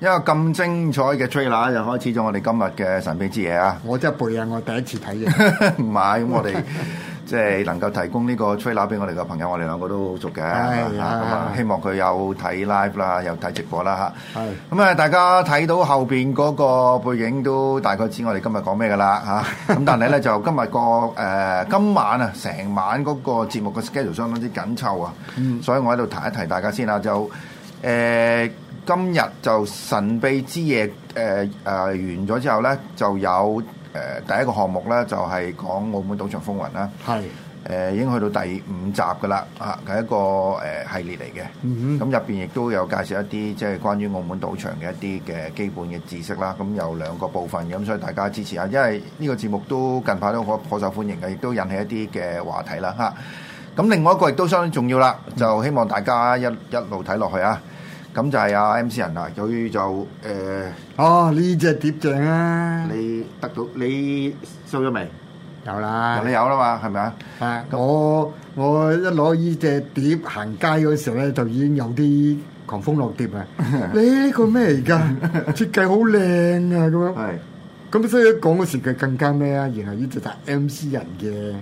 一個咁精彩嘅 trailer 又開始咗我哋今日嘅神秘之夜啊！我真係背啊，我第一次睇嘅。唔係，咁我哋。即係能夠提供呢個吹喇俾我哋嘅朋友，我哋兩個都好熟嘅，咁啊希望佢有睇 live 啦，有睇直播啦嚇。咁啊，大家睇到後邊嗰個背景都大概知我哋今日講咩噶啦嚇。咁但係咧就今日個誒今晚啊，成晚嗰個節目嘅 schedule 相當之緊湊啊，所以我喺度提一提大家先啊，就誒今日就神秘之夜誒誒完咗之後咧就有。誒第一個項目咧就係講澳門賭場風雲啦，係誒是已經去到第五集噶啦，啊係一個誒系列嚟嘅，咁入邊亦都有介紹一啲即係關於澳門賭場嘅一啲嘅基本嘅知識啦，咁有兩個部分咁，所以大家支持下，因為呢個節目都近排都頗頗受歡迎嘅，亦都引起一啲嘅話題啦，嚇，咁另外一個亦都相當重要啦，就希望大家一一路睇落去啊。咁就係阿 M C 人啦，佢就誒哦呢隻碟正啊！你得到你收咗未？有啦，你有啦嘛，係咪啊？我我一攞呢隻碟行街嗰時候咧，就已經有啲狂風落碟啊！你呢個咩嚟㗎，設計好靚啊？咁樣係咁，所以一講嗰時佢更加咩啊？然後呢隻就係 M C 人嘅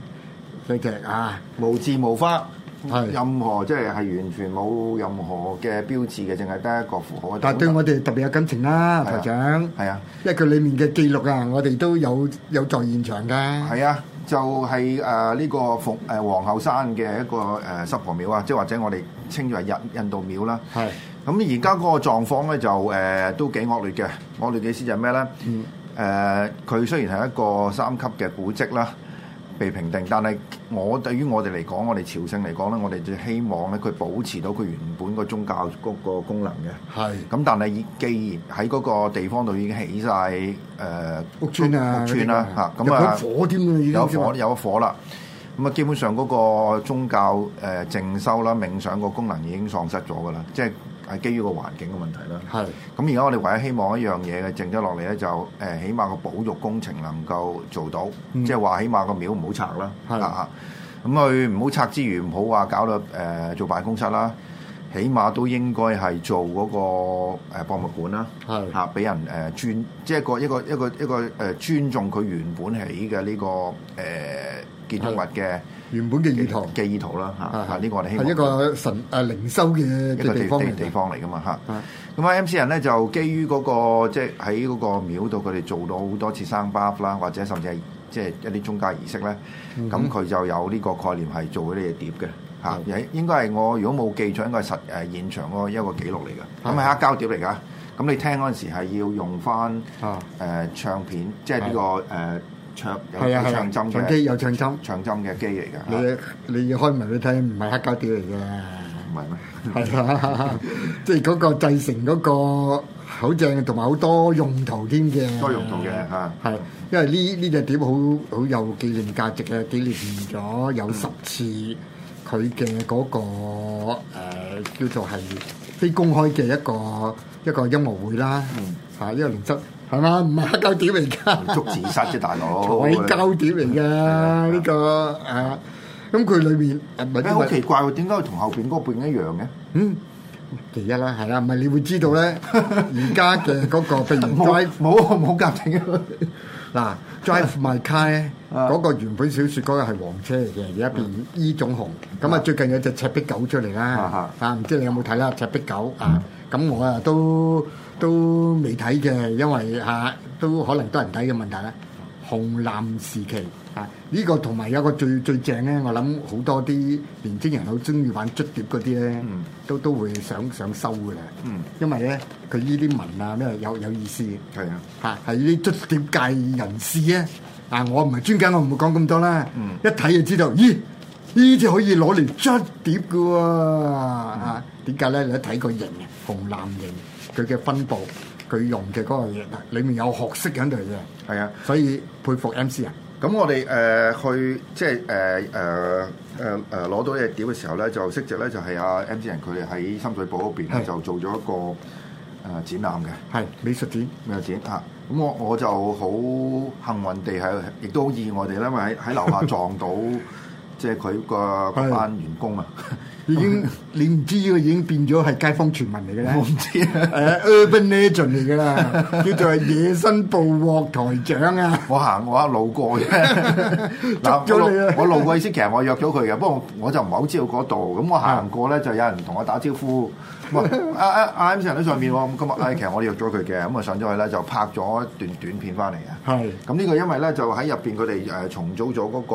飛劇啊，無字無花。任何即係，係完全冇任何嘅標誌嘅，淨係得一個符號。但係對我哋特別有感情啦，啊，啊、台長。係啊，因為佢裡面嘅記錄啊，我哋都有有在現場㗎。係啊，就係誒呢個佛誒皇后山嘅一個誒、呃、濕婆廟啊，即係或者我哋稱做為印印度廟啦。係是。咁而家嗰個狀況咧就誒、呃、都幾惡劣嘅。我哋意思就係咩咧？嗯。佢、呃、雖然係一個三級嘅古蹟啦。被評定，但係我對於我哋嚟講，我哋朝聖嚟講咧，我哋就希望咧佢保持到佢原本個宗教嗰個功能嘅。係、呃。咁但係，既然喺嗰個地方度已經起晒誒屋村啊、屋邨啦嚇，咁啊有火添啦，已經有火，有火啦。咁啊，基本上嗰個宗教誒淨修啦、冥想個功能已經喪失咗噶啦，即係。係基於個環境嘅問題啦。係。咁而家我哋唯一希望一樣嘢嘅，剩咗落嚟咧就誒，起碼個保育工程能夠做到，嗯、即係話起碼個廟唔好拆啦。係啦嚇，咁佢唔好拆之餘，唔好話搞到誒、呃、做辦公室啦。起碼都應該係做嗰個博物館啦。係嚇是的、啊，俾人誒尊，即係一個一個一個一個誒尊重佢原本起嘅呢、呢個誒、呃、建築物嘅。原本嘅意圖，嘅意圖啦嚇。嚇，呢個我哋希望係一個神誒靈修嘅一個地地方嚟㗎嘛嚇。咁啊 MC 人咧就基於嗰個，即係喺嗰個廟度佢哋做到好多次生 buff 啦，或者甚至係即係一啲宗教儀式咧，咁佢就有呢個概念係做嗰啲嘢碟嘅嚇。應該係，我如果冇記錯，應該係實誒現場個一個記錄嚟嘅。咁係黑膠碟嚟㗎，咁你聽嗰陣時係要用翻誒唱片，即係呢個誒。唱有、啊、唱針嘅，唱機有唱針，唱針嘅機嚟㗎。你你要開埋去睇，唔係黑膠碟嚟嘅，唔係咩？係 即係嗰個製成嗰個好正，同埋好多用途添嘅。多用途嘅嚇。係、啊啊，因為呢呢隻碟好好有紀念價值嘅，紀念咗有十次佢嘅嗰個、嗯、叫做係非公開嘅一個一個，一個音樂會啦。嗯。嚇，因為林則係嘛？唔係黑膠碟嚟噶唔足自殺啫，大佬。鬼膠碟嚟噶呢個啊，咁佢裏面誒，唔係。好奇怪喎，點解會同後邊嗰個背景一樣嘅？嗯，第一啦，係啦，唔係你會知道咧，而家嘅嗰個背景冇冇夾定嘅。嗱，Drive my car。嗰個原本小說嗰個係黃車嚟嘅，而家變呢種紅。咁啊，最近有隻赤壁狗出嚟啦，啊，唔知你有冇睇啦？赤壁狗啊，咁我啊都都未睇嘅，因為嚇都可能多人睇嘅問題啦。紅藍時期啊，呢個同埋有個最最正咧，我諗好多啲年青人好鍾意玩捽碟嗰啲咧，都都會想想收嘅啦。因為咧，佢呢啲文啊，咩有有意思係，嚇係呢啲捽碟界人士咧。但係，我唔係專家，我唔會講咁多啦。一睇就知道，咦？呢隻可以攞嚟捽碟嘅喎嚇？點解咧？你一睇個型，啊，紅藍型，佢嘅分布，佢用嘅嗰個型，裏面有學識喺度嘅。係啊，所以佩服 M C 啊。咁我哋誒去即係誒誒誒誒攞到呢隻碟嘅時候咧，就識得咧就係阿 M C 人佢哋喺深水埗嗰邊咧就做咗一個誒展覽嘅，係美術展，唔係展。咁我我就好幸運地係，亦都好意外地咧，因為喺喺樓下撞到， 即係佢、嗰個 班員工啊 ！已經你唔知，佢已經變咗係街坊傳聞嚟嘅咧。我唔知啊，誒、 uh, Urban Legend 嚟㗎啦， 叫做係野生捕獲台長啊！我行我一路過啫，嗱 你我，我路過意思其實我約咗佢嘅，不過我就唔係好知道嗰度。咁我行過咧就有人同我打招呼。阿阿阿 M 先生喺上面，咁今日其實我哋約咗佢嘅，咁啊上咗去咧就拍咗一段短片翻嚟嘅。係。咁呢個因為咧就喺入邊佢哋誒重組咗嗰個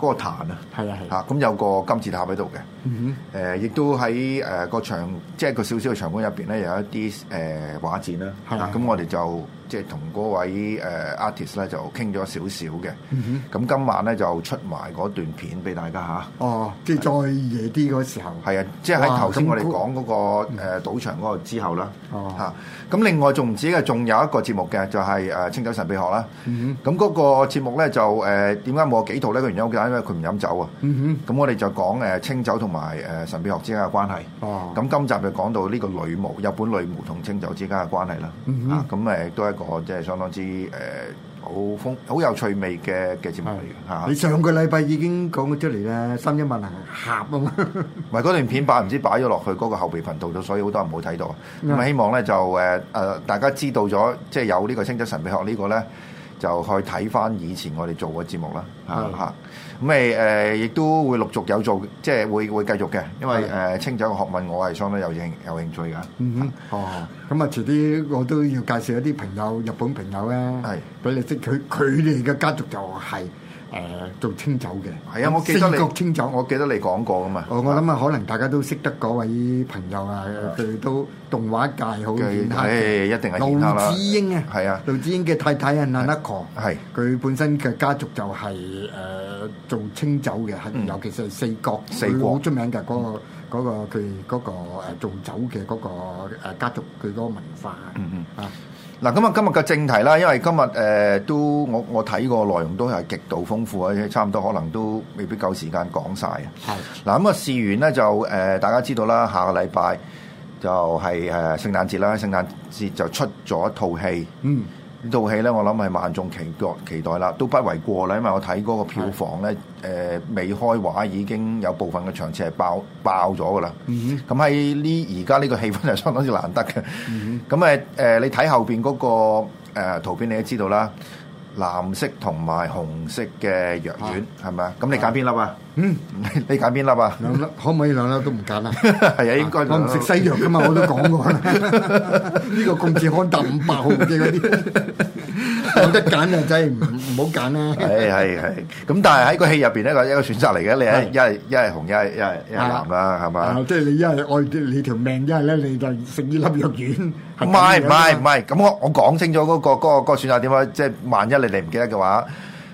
嗰個壇啊。係啊係。嚇，咁有個金字塔喺度嘅。嗯誒亦都喺誒個場，即係個少少嘅場館入邊咧，有一啲誒畫展啦。係啊。咁我哋就。即係同嗰位誒 artist 咧就傾咗少少嘅，咁今晚咧就出埋嗰段片俾大家嚇。哦，即係再夜啲嗰個時候。係啊，即係喺頭先我哋講嗰個誒賭場嗰個之後啦。哦，嚇，咁另外仲唔止嘅，仲有一個節目嘅，就係誒清酒神秘學啦。嗯哼，咁嗰個節目咧就誒點解冇幾套咧？個原因好簡單，因為佢唔飲酒啊。嗯哼，咁我哋就講誒清酒同埋誒神秘學之間嘅關係。哦，咁今集就講到呢個女巫日本女巫同清酒之間嘅關係啦。嗯哼，啊，咁誒都係。即係相當之誒、呃、好風好有趣味嘅嘅節目嚟嘅嚇，的啊、你上個禮拜已經講咗出嚟啦，三一萬能俠啊嘛，唔係嗰段片擺唔知擺咗落去嗰個後備頻道咗，所以好多人冇睇到。咁希望咧就誒誒、呃呃、大家知道咗，即係有呢個《清真神秘學呢》呢個咧，就去睇返以前我哋做嘅節目啦，嚇嚇的，咁咪誒亦都會陸續有做，即係會會繼續嘅，因為誒的、呃、清酒嘅學問我係相當有興有興趣嘅。嗯哼，嗯哦，咁啊、嗯，遲啲、嗯、我都要介紹一啲朋友，日本朋友咧，係俾的你識佢，佢哋嘅家族就係、是。誒做清酒嘅係啊，我記得四國清酒，我記得你講過噶嘛。我我諗啊，可能大家都識得嗰位朋友啊，佢都動畫界好顯卡嘅。一定係劉子英啊，係啊，劉子英嘅太太啊，Nanako。係，佢本身嘅家族就係誒做清酒嘅，係尤其是係四國，四國好出名嘅嗰個佢嗰個做酒嘅嗰個家族佢嗰個文化。嗯嗯啊。嗱咁啊，今日嘅正題啦，因為今日誒、呃、都我我睇過內容都係極度豐富啊，差唔多可能都未必夠時間講晒啊。是。係。嗱咁啊，事緣呢就誒、呃，大家知道啦，下個禮拜就係、是、誒、呃、聖誕節啦，聖誕節就出咗一套戲。嗯。呢套戲咧，我諗係萬眾期待期待啦，都不為過啦，因為我睇嗰個票房咧，誒的、呃、未開畫已經有部分嘅場次係爆爆咗噶啦。咁喺呢而家呢個氣氛就相當之難得嘅。咁誒誒，你睇後邊嗰、那個誒、呃、圖片，你都知道啦，藍色同埋紅色嘅藥丸係咪啊？咁你揀邊粒啊？的的嗯，你揀邊粒啊？兩粒可唔可以兩粒都唔揀啊？係啊，應該我唔食西藥噶嘛，我都講過啦。呢個咁似安達五百好唔知嗰啲，有得揀就真係唔唔好揀啦。係係係，咁但係喺個戲入邊咧，一個一個選擇嚟嘅，你係一係一係紅，一係一係一係藍啦，係嘛？即係你一係愛你條命，一係咧你就食呢粒藥丸。唔係唔係唔係，咁我我講清楚嗰個嗰個嗰個選擇點啊？即係萬一你哋唔記得嘅話，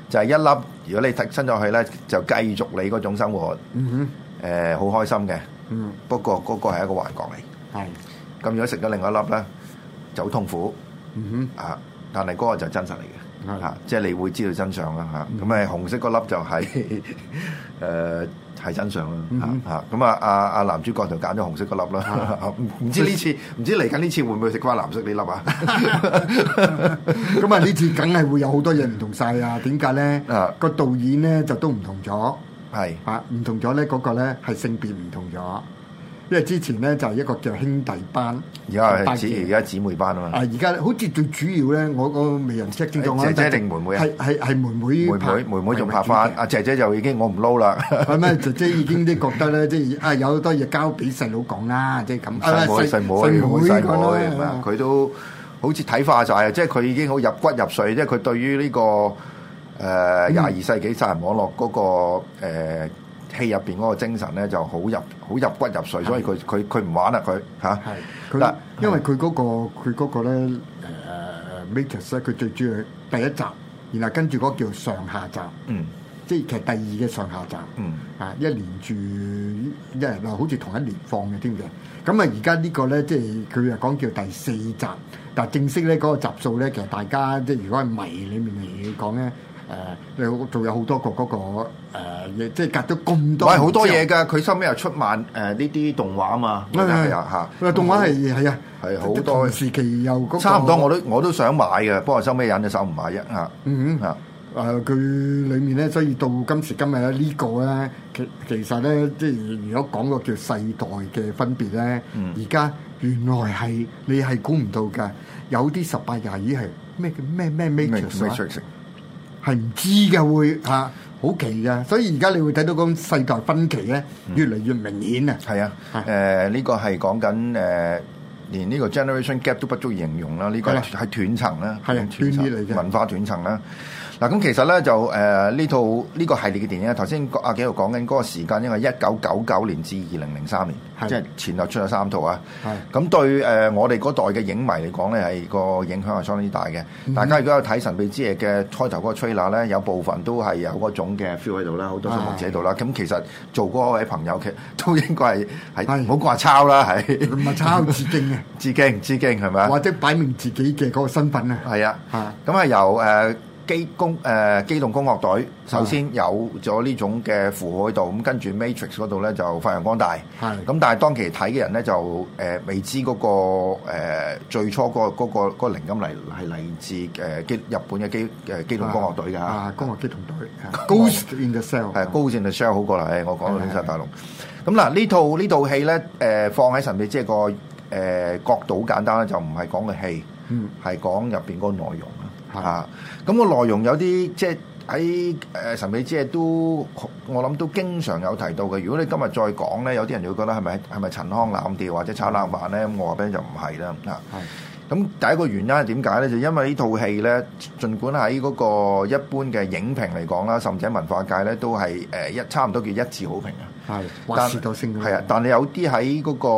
就係一粒。如果你吞吞咗去咧，就繼續你嗰種生活，誒好、mm hmm. 呃、開心嘅。Mm hmm. 不過嗰、嗰個係一個幻覺嚟。咁、mm hmm. 如果食咗另外一粒咧，就好痛苦。Mm hmm. 啊！但係嗰個就真實嚟嘅。嚇！即係你會知道真相啦嚇，咁咪紅色嗰粒就係誒係真相啦嚇！咁啊啊啊男主角就揀咗紅色嗰粒啦，唔知呢次唔知嚟緊呢次會唔會食翻藍色呢粒啊？咁啊呢次梗係會有好多嘢唔同晒啊！點解咧？個導演咧就都唔同咗，係嚇，唔同咗咧，嗰個咧係性別唔同咗。因為之前咧就係一個叫兄弟班，有係姊而家姊妹班啊嘛。啊而家好似最主要咧，我我未人 check 先，仲我姐姐定妹妹？係係係妹妹。妹妹妹妹仲拍翻，阿姐姐就已經我唔撈啦。係咩？姐姐已經即係覺得咧，即係啊有好多嘢交俾細佬講啦，即係咁。細妹細妹細妹係嘛？佢都好似睇化曬啊！即係佢已經好入骨入髓，即係佢對於呢個誒廿二世紀殺人網絡嗰個誒。戲入邊嗰個精神咧就好入好入骨入髓，的所以佢佢佢唔玩啦，佢嚇。係，嗱的，但因為佢嗰，那個佢嗰個咧誒、呃、matrix 咧，佢最主要第一集，然後跟住嗰個叫上下集，嗯，即係其實第二嘅上下集，嗯，啊，一連住一日，好似同一年放嘅添嘅。咁啊，而家呢個咧，即係佢又講叫第四集，但係正式咧嗰，那個集數咧，其實大家即係如果係迷裡面嚟講咧。誒，你仲有好多個嗰個誒，即係隔咗咁多，唔係好多嘢噶。佢收尾又出漫誒呢啲動畫嘛，係啊嚇。動畫係，係啊，係好多。同時期又差唔多，我都我都想買嘅，不過收尾忍咗手唔買啫嚇。嗯嗯嚇，佢裡面咧，所以到今時今日咧，呢個咧，其其實咧，即係如果講個叫世代嘅分別咧，而家原來係你係估唔到嘅，有啲十八廿二係咩叫咩咩咩。係唔知嘅會嚇、啊，好奇㗎，所以而家你會睇到講世代分歧咧，越嚟越明顯、嗯、啊！係啊，誒、呃、呢、這個係講緊誒，連呢個 generation gap 都不足以形容啦，呢、這個係斷層啦，係斷層嚟嘅文化斷層啦。嗱咁其實咧就誒呢套呢個系列嘅電影啊，頭先阿紀度講緊嗰個時間，因為一九九九年至二零零三年，即係前後出咗三套啊。係咁對誒我哋嗰代嘅影迷嚟講咧，係個影響係相當之大嘅。大家如果有睇《神秘之夜》嘅開頭嗰個 trailer 咧，有部分都係有嗰種嘅 feel 喺度啦，好多觀眾喺度啦。咁其實做嗰位朋友嘅，都應該係係唔好講抄啦，係咪抄致敬啊？致敬致敬係咪啊？或者擺明自己嘅嗰個身份咧？係啊，咁係由誒。機工誒機動攻殼隊首先有咗呢種嘅符號喺度，咁跟住 Matrix 嗰度咧就發揚光大。係咁，但係當時睇嘅人咧就誒未知嗰個誒最初嗰嗰個嗰個靈感嚟係嚟自誒機日本嘅機誒機動攻殼隊㗎。啊，攻殼機動隊。Ghost in the Shell。係 Ghost in the Shell 好過啦，我講到天煞大陸。咁嗱，呢套呢套戲咧誒放喺神秘，即係個誒角度好簡單咧，就唔係講個戲，係講入邊嗰個內容。啊！咁個內容有啲即係喺誒神秘之夜都我諗都經常有提到嘅。如果你今日再講咧，有啲人就會覺得係咪係咪陳腔濫調或者炒冷飯咧？咁我話畀你就唔係啦。啊，咁第一個原因係點解咧？就因為呢套戲咧，儘管喺嗰個一般嘅影評嚟講啦，甚至喺文化界咧都係誒一差唔多叫一致好評啊。係，話事到聲。係啊，但係有啲喺嗰個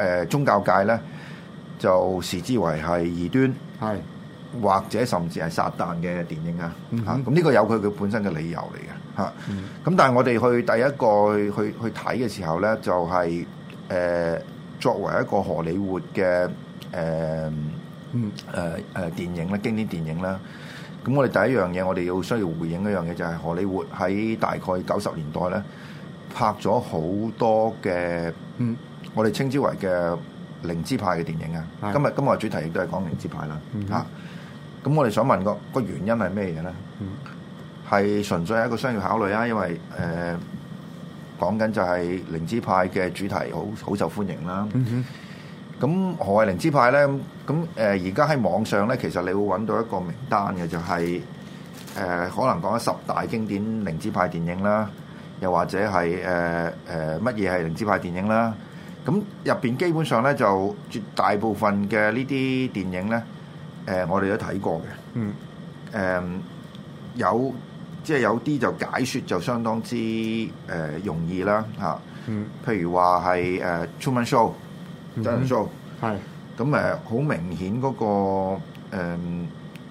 誒宗教界咧，就視之為係異端。係。或者甚至係撒旦嘅電影啊，嚇，咁呢個有佢佢本身嘅理由嚟嘅嚇。咁、嗯、但係我哋去第一個去去睇嘅時候咧，就係、是、誒、呃、作為一個荷里活嘅誒誒誒電影啦，經典電影啦。咁、嗯、我哋第一樣嘢，我哋要需要回應一樣嘢、就是，就係荷里活喺大概九十年代咧拍咗好多嘅，嗯、我哋稱之為嘅靈知派嘅電影啊、嗯。今日今日主題亦都係講靈知派啦，嚇、嗯。啊咁我哋想問個個原因係咩嘢咧？係純粹係一個商業考慮啊，因為誒講緊就係靈知派嘅主題好好受歡迎啦。咁何謂靈知派咧？咁誒而家喺網上咧，其實你會搵到一個名單嘅，就係誒可能講緊十大經典靈知派電影啦，又或者係誒誒乜嘢係靈知派電影啦。咁入面基本上咧就絕大部分嘅呢啲電影咧。誒、呃，我哋都睇過嘅。嗯，嗯。誒，有即係有啲就解説就相當之誒容易啦嚇。譬、嗯、如話係誒 Truman show、真人 show 係。咁誒，好明顯嗰、那個誒誒、呃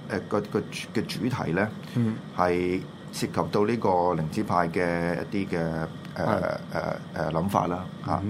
那個嘅主、那個、主題咧，嗯，係涉及到呢個靈知派嘅一啲嘅誒誒誒諗法啦嚇。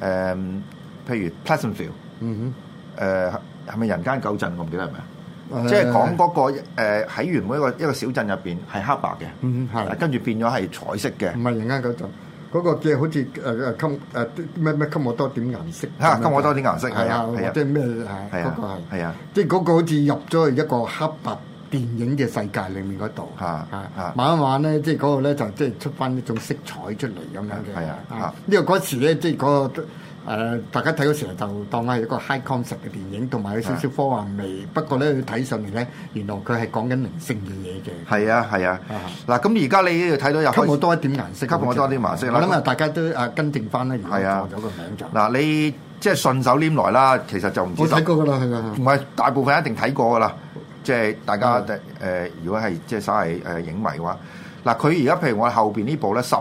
嗯。譬如 Pleasantville 嗯哼。誒。係咪人間九鎮我唔記得係咪啊？即係講嗰個誒，喺原本一個一個小鎮入邊係黑白嘅，係，跟住變咗係彩色嘅。唔係人間九鎮，嗰個即係好似誒給誒咩咩給我多點顏色吓，給我多點顏色。係啊，即係咩啊？係啊，即係嗰個好似入咗去一個黑白電影嘅世界裏面嗰度啊，啊！慢慢咧即係嗰個咧就即係出翻一種色彩出嚟咁樣嘅。係啊啊！呢個嗰時咧即係個。誒，大家睇嘅時候就當係一個 high concept 嘅電影，同埋有少少科幻味。Yes. 不過咧，要睇上面咧，原來佢係講緊靈性嘅嘢嘅。係啊，係啊。嗱、啊，咁而家你睇到又吸引我多一點顏色，吸引我多啲顏色啦。我諗大家都誒跟定翻咧，而家改咗個名就。嗱、啊，你即係順手拈來啦，其實就唔知。我睇過噶啦，係啊。唔係大部分一定睇過噶啦，即、就、係、是、大家誒的、呃，如果係即係稍為誒影迷嘅話，嗱，佢而家譬如我後邊呢部咧十。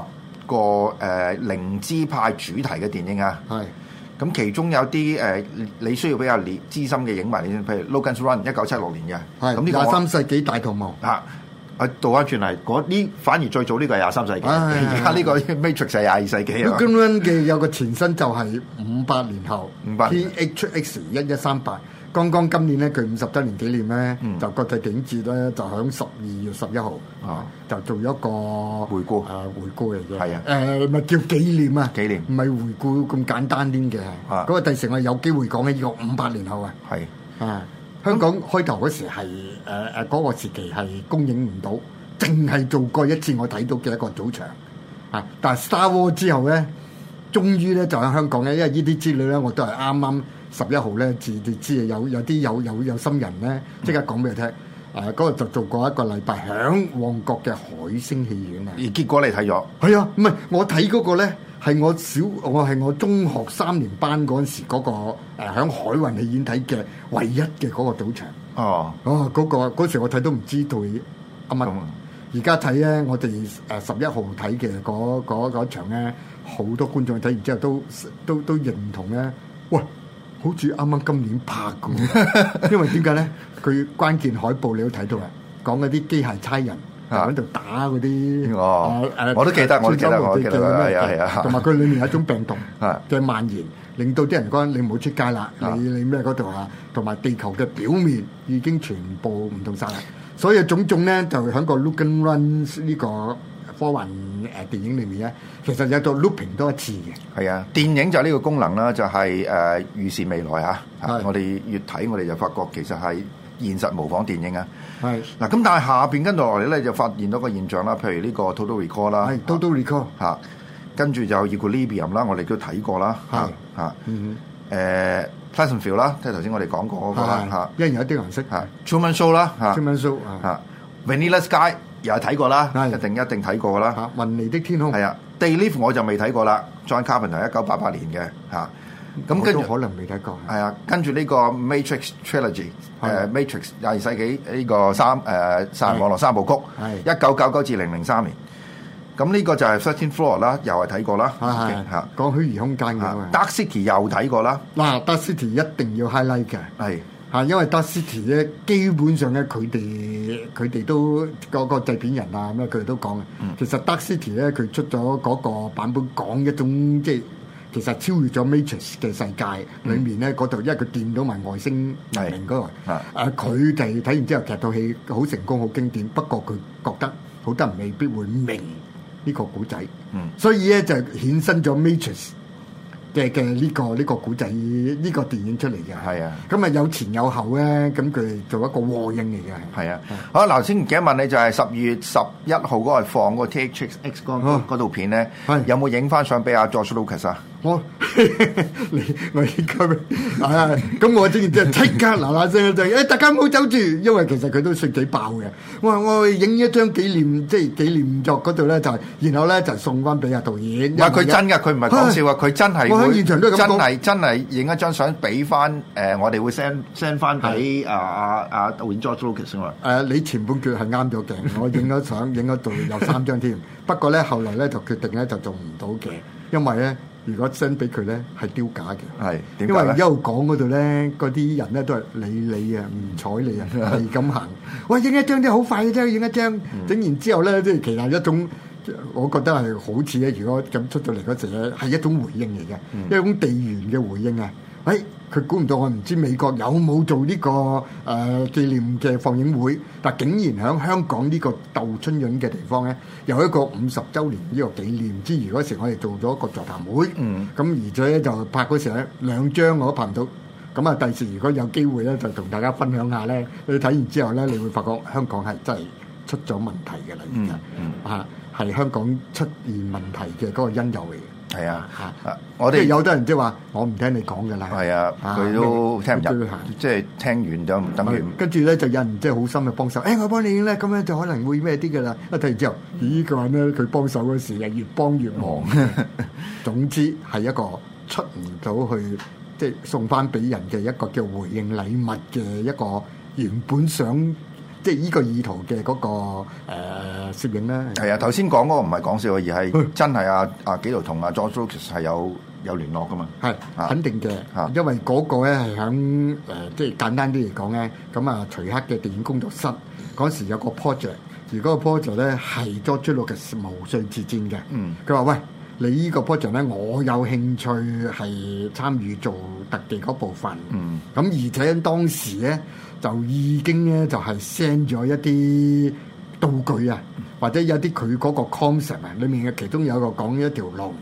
個誒靈知派主題嘅電影啊，係咁是其中有啲誒、呃、你需要比較年資深嘅影迷先，譬如 Logan’s Run 一九七六年嘅，係咁呢個廿三世紀大逃亡吓。我倒翻轉嚟，嗰啲反而最早呢個係廿三世紀，而家呢個 Matrix 係廿二世紀啊。Logan's Run 嘅有個前身就係五百年後，五百年 THX 一一三八。剛剛今年咧，佢五十周年紀念咧、嗯，就國際頂住咧，就喺十二月十一號，就做咗一個回顧顧啊，回顧嘅嘢。係啊，誒咪叫紀念啊，紀念，唔係回顧咁簡單啲嘅。嗰個第時我有機會講嘅，呢個五百年後啊。係啊，香港開頭嗰時係誒誒嗰個時期係公映唔到，淨係做過一次我睇到嘅一個早場啊。但係 Star Wars 之後咧，終於咧就喺香港咧，因為資呢啲資料咧我都係啱啱。十一號咧，自你知啊，有有啲有有有心人咧，即刻講俾佢聽。啊、嗯呃，嗰日就做過一個禮拜，響旺角嘅海星戲院啊。而結果你睇咗？係啊，唔係我睇嗰個咧，係我小我係我中學三年班嗰陣時嗰、嗰個響、呃、海運戲院睇嘅唯一嘅嗰個賭場。哦、嗯啊，哦、嗰個，嗰個嗰時我睇都唔知道嘅，啱而家睇咧，我哋誒十一號睇嘅嗰場咧，好多觀眾睇完之後都都都，都，都認同咧，喂！好似啱啱今年拍嘅，因為點解咧？佢關鍵海報你都睇到啦，講嗰啲機械差人啊喺度打嗰啲我都記得，便我記得，便我記得啦，係啊，係啊，同埋佢裡面有一種病毒嘅蔓延，啊、令到啲人講你唔好出街啦，你你咩嗰度啊？同埋地球嘅表面已經全部唔同晒啦，所以種種咧就喺個 Look and Run 呢、這個。科幻誒電影裏面咧，其實有做 looping 多一次嘅。係啊，電影就係呢個功能啦，就係誒預示未來嚇。我哋越睇我哋就發覺其實係現實模仿電影啊。係。嗱咁但係下邊跟住落嚟咧就發現到個現象啦，譬如呢個 total recall 啦，total recall 嚇。跟住就 equilibrium 啦，我哋都睇過啦嚇嚇。誒，Pleasantville 啦，即係頭先我哋講過嗰個一依然有啲顏色。truman show 啦 truman show 啊，vanilla sky。又係睇過啦，一定一定睇過噶啦。雲尼的天空係啊，《Daylight》我就未睇過啦。John Carpenter 一九八八年嘅嚇，咁跟住可能未睇過。係啊，跟住呢個《Matrix Trilogy》誒，《Matrix》廿二世紀呢個三誒三網絡三部曲，一九九九至零零三年。咁呢個就係《Thirteen Floor》啦，又係睇過啦。嚇，講虛擬空間嘅，《Dark City》又睇過啦。嗱，《Dark City》一定要 highlight 嘅。係。嚇，因為 Dark City 咧，基本上咧，佢哋佢哋都嗰、那個製片人啊，咩佢哋都講嘅。嗯、其實 Dark City 咧，佢出咗嗰個版本，講一種即係其實超越咗 Matrix 嘅世界裏面咧，嗰度、嗯、因為佢見到埋外星黎明嗰個，佢哋睇完之後，劇套戲好成功、好經典。不過佢覺得好多人未必會明呢個古仔，嗯、所以咧就衍生咗 Matrix。嘅嘅呢個呢、這個古仔呢個電影出嚟嘅。係啊，咁啊有前有後咧，咁佢做一個和應嚟嘅。係啊，是好，頭先唔記得問你，就係十二月十一號嗰日放嗰個 T H X X 光嗰嗰套片咧，是有冇影返相俾阿 George Lucas 啊、哦？冇。你我應該係啊，咁我即刻即刻嗱嗱聲就，誒大家唔好走住，因為其實佢都食幾爆嘅。我我影一張紀念，即係紀念作嗰度咧就，然後咧就送翻俾阿導演。因哇，佢真噶，佢唔係講笑啊，佢真係。我喺現場都係真係真係影一張相俾翻，誒我哋會 send send 翻俾阿阿阿導演 Joel Lucas 誒，你前半句係啱咗嘅，我影咗相，影咗度有三張添。不過咧後來咧就決定咧就做唔到嘅，因為咧。如果真俾佢咧，係丟假嘅。係，為因為一路講嗰度咧，嗰啲人咧都係理，理，理你啊，唔睬你啊，係咁行。我影一張啫，好快嘅啫，影一張。整完之後咧，即係其實一種，我覺得係好似咧。如果咁出到嚟嗰陣時，係一種回應嚟嘅，嗯、一種地緣嘅回應啊。誒，佢估唔到我唔知美國有冇做呢、呢個誒、呃、紀念嘅放映會，但竟然喺香港呢個鬥春潤嘅地方咧，有一個五十週年呢個紀念之餘。嗰時我哋做咗一個座談會，咁、嗯、而再咧就拍嗰時咧兩張我都拍到。咁啊，第時如果有機會咧，就同大家分享下咧。你睇完之後咧，你會發覺香港係真係出咗問題嘅啦，而家嚇係香港出現問題嘅嗰個因由嚟。係啊，啊我哋們有啲人即係話，我唔聽你講嘅啦。係啊，佢、啊、都聽唔到，即係聽完都唔、啊、等於他。跟住咧就有人即係好心嘅幫手，誒、哎、我幫你咧，咁樣就可能會咩啲嘅啦。一、啊、突然之後，佢、這個咧佢幫手嗰時，越越幫越忙。哦、 總之係一個出唔到去，即係送翻俾人嘅一個叫回應禮物嘅一個原本想。即係呢個意圖嘅嗰、那個誒、呃、攝影咧，係啊頭先講嗰個唔係講笑，嘅而係真係啊阿紀陶同阿 George Lucas 係有有聯絡噶嘛，係肯定嘅。啊、因為嗰個咧係響誒即係簡單啲嚟講咧，咁啊徐克嘅電影工作室嗰時有個 project，而個 project 咧係 George Lucas 毛遂自薦嘅，佢話、嗯、喂你呢個 project 咧我有興趣係參與做。特技部分，嗯，咁而且當時咧就已經咧就係 send 咗一啲道具啊，嗯、或者有啲佢個 concept 啊，裏面嘅其中有一個講一條龍，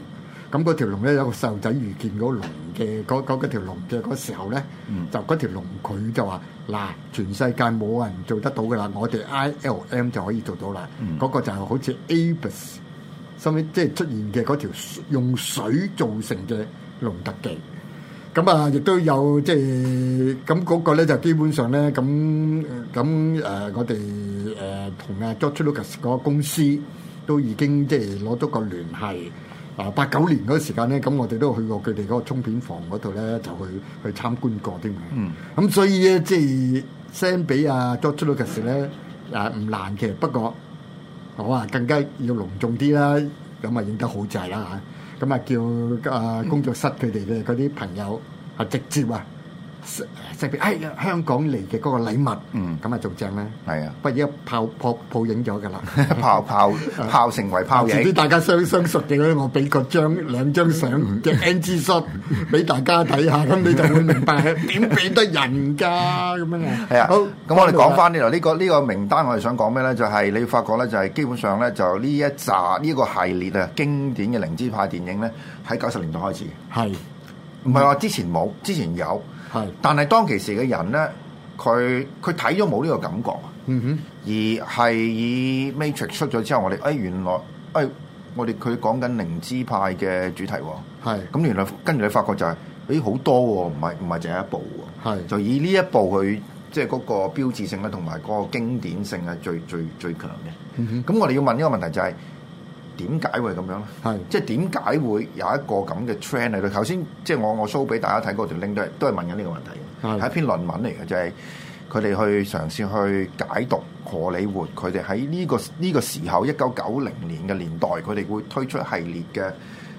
咁嗰條龍咧有個細路仔遇見嗰龍嘅嗰嗰嗰條龍嘅時候咧，嗯、就條龍佢就話嗱，全世界冇人做得到噶啦，我哋 ILM 就可以做到啦。嗰、嗯、個就好似 Abyss，甚尾即係出現嘅條用水造成嘅龍特技。咁啊，亦都有即係咁嗰個咧，就基本上咧，咁咁誒，我哋誒，同啊 George Lucas 嗰個公司都已經，即係攞咗個聯繫，啊、呃，八九年嗰時間，咧，咁我哋都去過佢哋嗰個沖片房嗰度咧，就去去參觀過添嗯，咁、呃、所以咧，即係相比啊 George Lucas 咧，誒，唔、呃、難嘅，不過，我、哦、話更加要隆重啲啦，咁啊影得好滯啦吓。咁啊，叫啊工作室佢哋嘅嗰啲朋友啊，直接啊。特別係香港嚟嘅嗰個禮物，咁啊仲正啦，係啊，不如炮破破影咗噶啦，炮炮炮成為炮影，啲大家相相熟嘅咧，我俾個張兩張相嘅 NG shot 俾大家睇下，咁你就會明白係點變得人家咁樣嘅。係啊，好，咁我哋講翻呢度呢個呢個名單，我哋想講咩咧？就係你發覺咧，就係基本上咧，就呢一集呢個系列啊，經典嘅靈知派電影咧，喺九十年代開始，係唔係話之前冇，之前有。係，但係當其時嘅人咧，佢佢睇咗冇呢個感覺，嗯哼、mm，hmm. 而係以 Matrix 出咗之後，我哋誒、哎、原來誒、哎，我哋佢講緊靈知派嘅主題、哦，係、mm，咁、hmm. 嗯、原來跟住你發覺就係、是，誒、哎、好多喎、哦，唔係唔係淨係一部喎、哦，係、mm hmm.，就以呢一部佢即係嗰個標誌性咧，同埋嗰個經典性係最最最強嘅，嗯咁、mm hmm. 我哋要問呢個問題就係、是。點解會咁樣咧？係是的 即係點解會有一個咁嘅 trend 嚟咧是的？頭先即係我我 show 俾大家睇嗰條 link 都係都係問緊呢個問題嘅，係是的 一篇論文嚟嘅，就係佢哋去嘗試去解讀荷里活，佢哋喺呢個呢個時候一九九零年嘅年代，佢哋會推出系列嘅，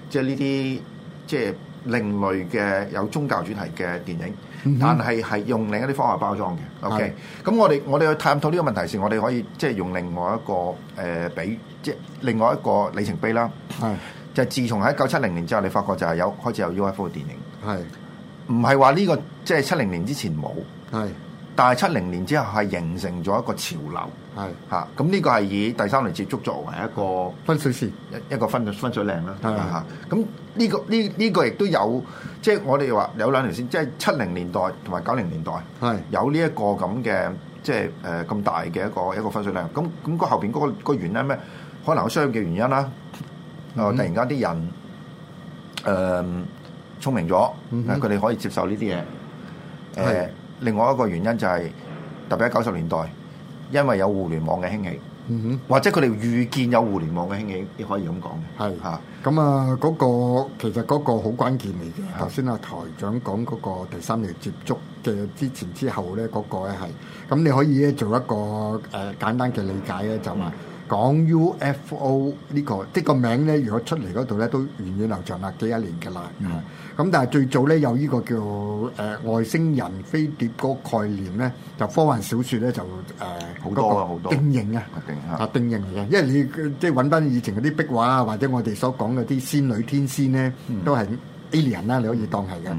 即係呢啲即係。另類嘅有宗教主題嘅電影，但係係用另一啲方法包裝嘅。OK，咁是我哋我哋去探討呢個問題時，我哋可以即係用另外一個誒、呃、比，即係另外一個里程碑啦。係是就係自從喺一九七零年之後，你發覺就係有開始有 UFO 電影。係唔係話呢個即係七零年之前冇？係是，但係七零年之後係形成咗一個潮流。係嚇是，咁呢個係以第三類接觸作為一個分水線，一是一個分分水嶺啦。嚇咁。呢個呢呢個亦都有，即係我哋話有兩條線，即係七零年代同埋九零年代，係有呢一個咁嘅，即係誒咁大嘅一個一個分水嶺。咁咁個後邊嗰個個原因咩？可能有商業嘅原因啦，誒突然間啲人誒聰明咗，佢哋可以接受呢啲嘢。誒，另外一個原因就係特別喺九十年代，因為有互聯網嘅興起。嗯哼，或者佢哋預見有互聯網嘅興起，你可以咁講嘅。係嚇，咁啊嗰個其實嗰個好關鍵嚟嘅。頭先阿台長講嗰個第三類接觸嘅之前之後咧，嗰、嗰個咧係咁，你可以咧做一個誒、呃、簡單嘅理解咧，就話講 UFO 呢、呢個即 Yeah. 個名咧，如果出嚟嗰度咧都源遠，遠流長啦，幾一年㗎喇咁但係最早咧有依個叫誒外星人飛碟嗰個概念咧，就科幻小説咧就誒好多啊好多定型啊定啊定型嚟嘅，因為你即係揾翻以前嗰啲壁畫啊，或者我哋所講嗰啲仙女天仙咧，都係 alien 啦，你可以當係嘅。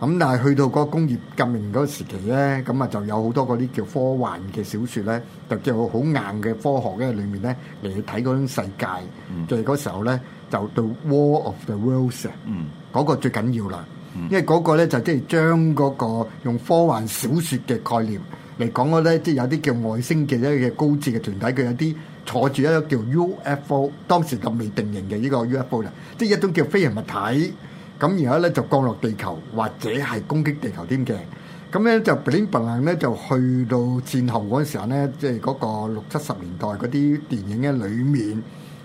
咁但係去到嗰個工業革命嗰個時期咧，咁啊就有好多嗰啲叫科幻嘅小説咧，就叫做好硬嘅科學咧，裡面咧嚟去睇嗰種世界。就係嗰時候咧，就 The War of the Worlds。嗰個最緊要啦，因為嗰個咧就即係將嗰個用科幻小説嘅概念嚟講嗰咧，即係有啲叫外星嘅一嘅高智嘅團體，佢有啲坐住一個叫 UFO，當時就未定型嘅呢個 UFO 啦，即係一種叫飛行物體咁。然後咧就降落地球或者係攻擊地球添嘅。咁咧就 bling bling 咧就去到戰後嗰陣時候咧，即係嗰個六七十年代嗰啲電影咧裏面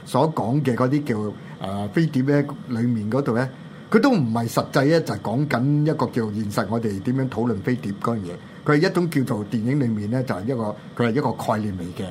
所講嘅嗰啲叫誒飛碟咧，裏面嗰度咧。佢都唔係實際咧，就係講緊一個叫做現實，我哋點樣討論飛碟嗰樣嘢。佢係一種叫做電影裏面咧，就係一個佢係一個概念嚟嘅。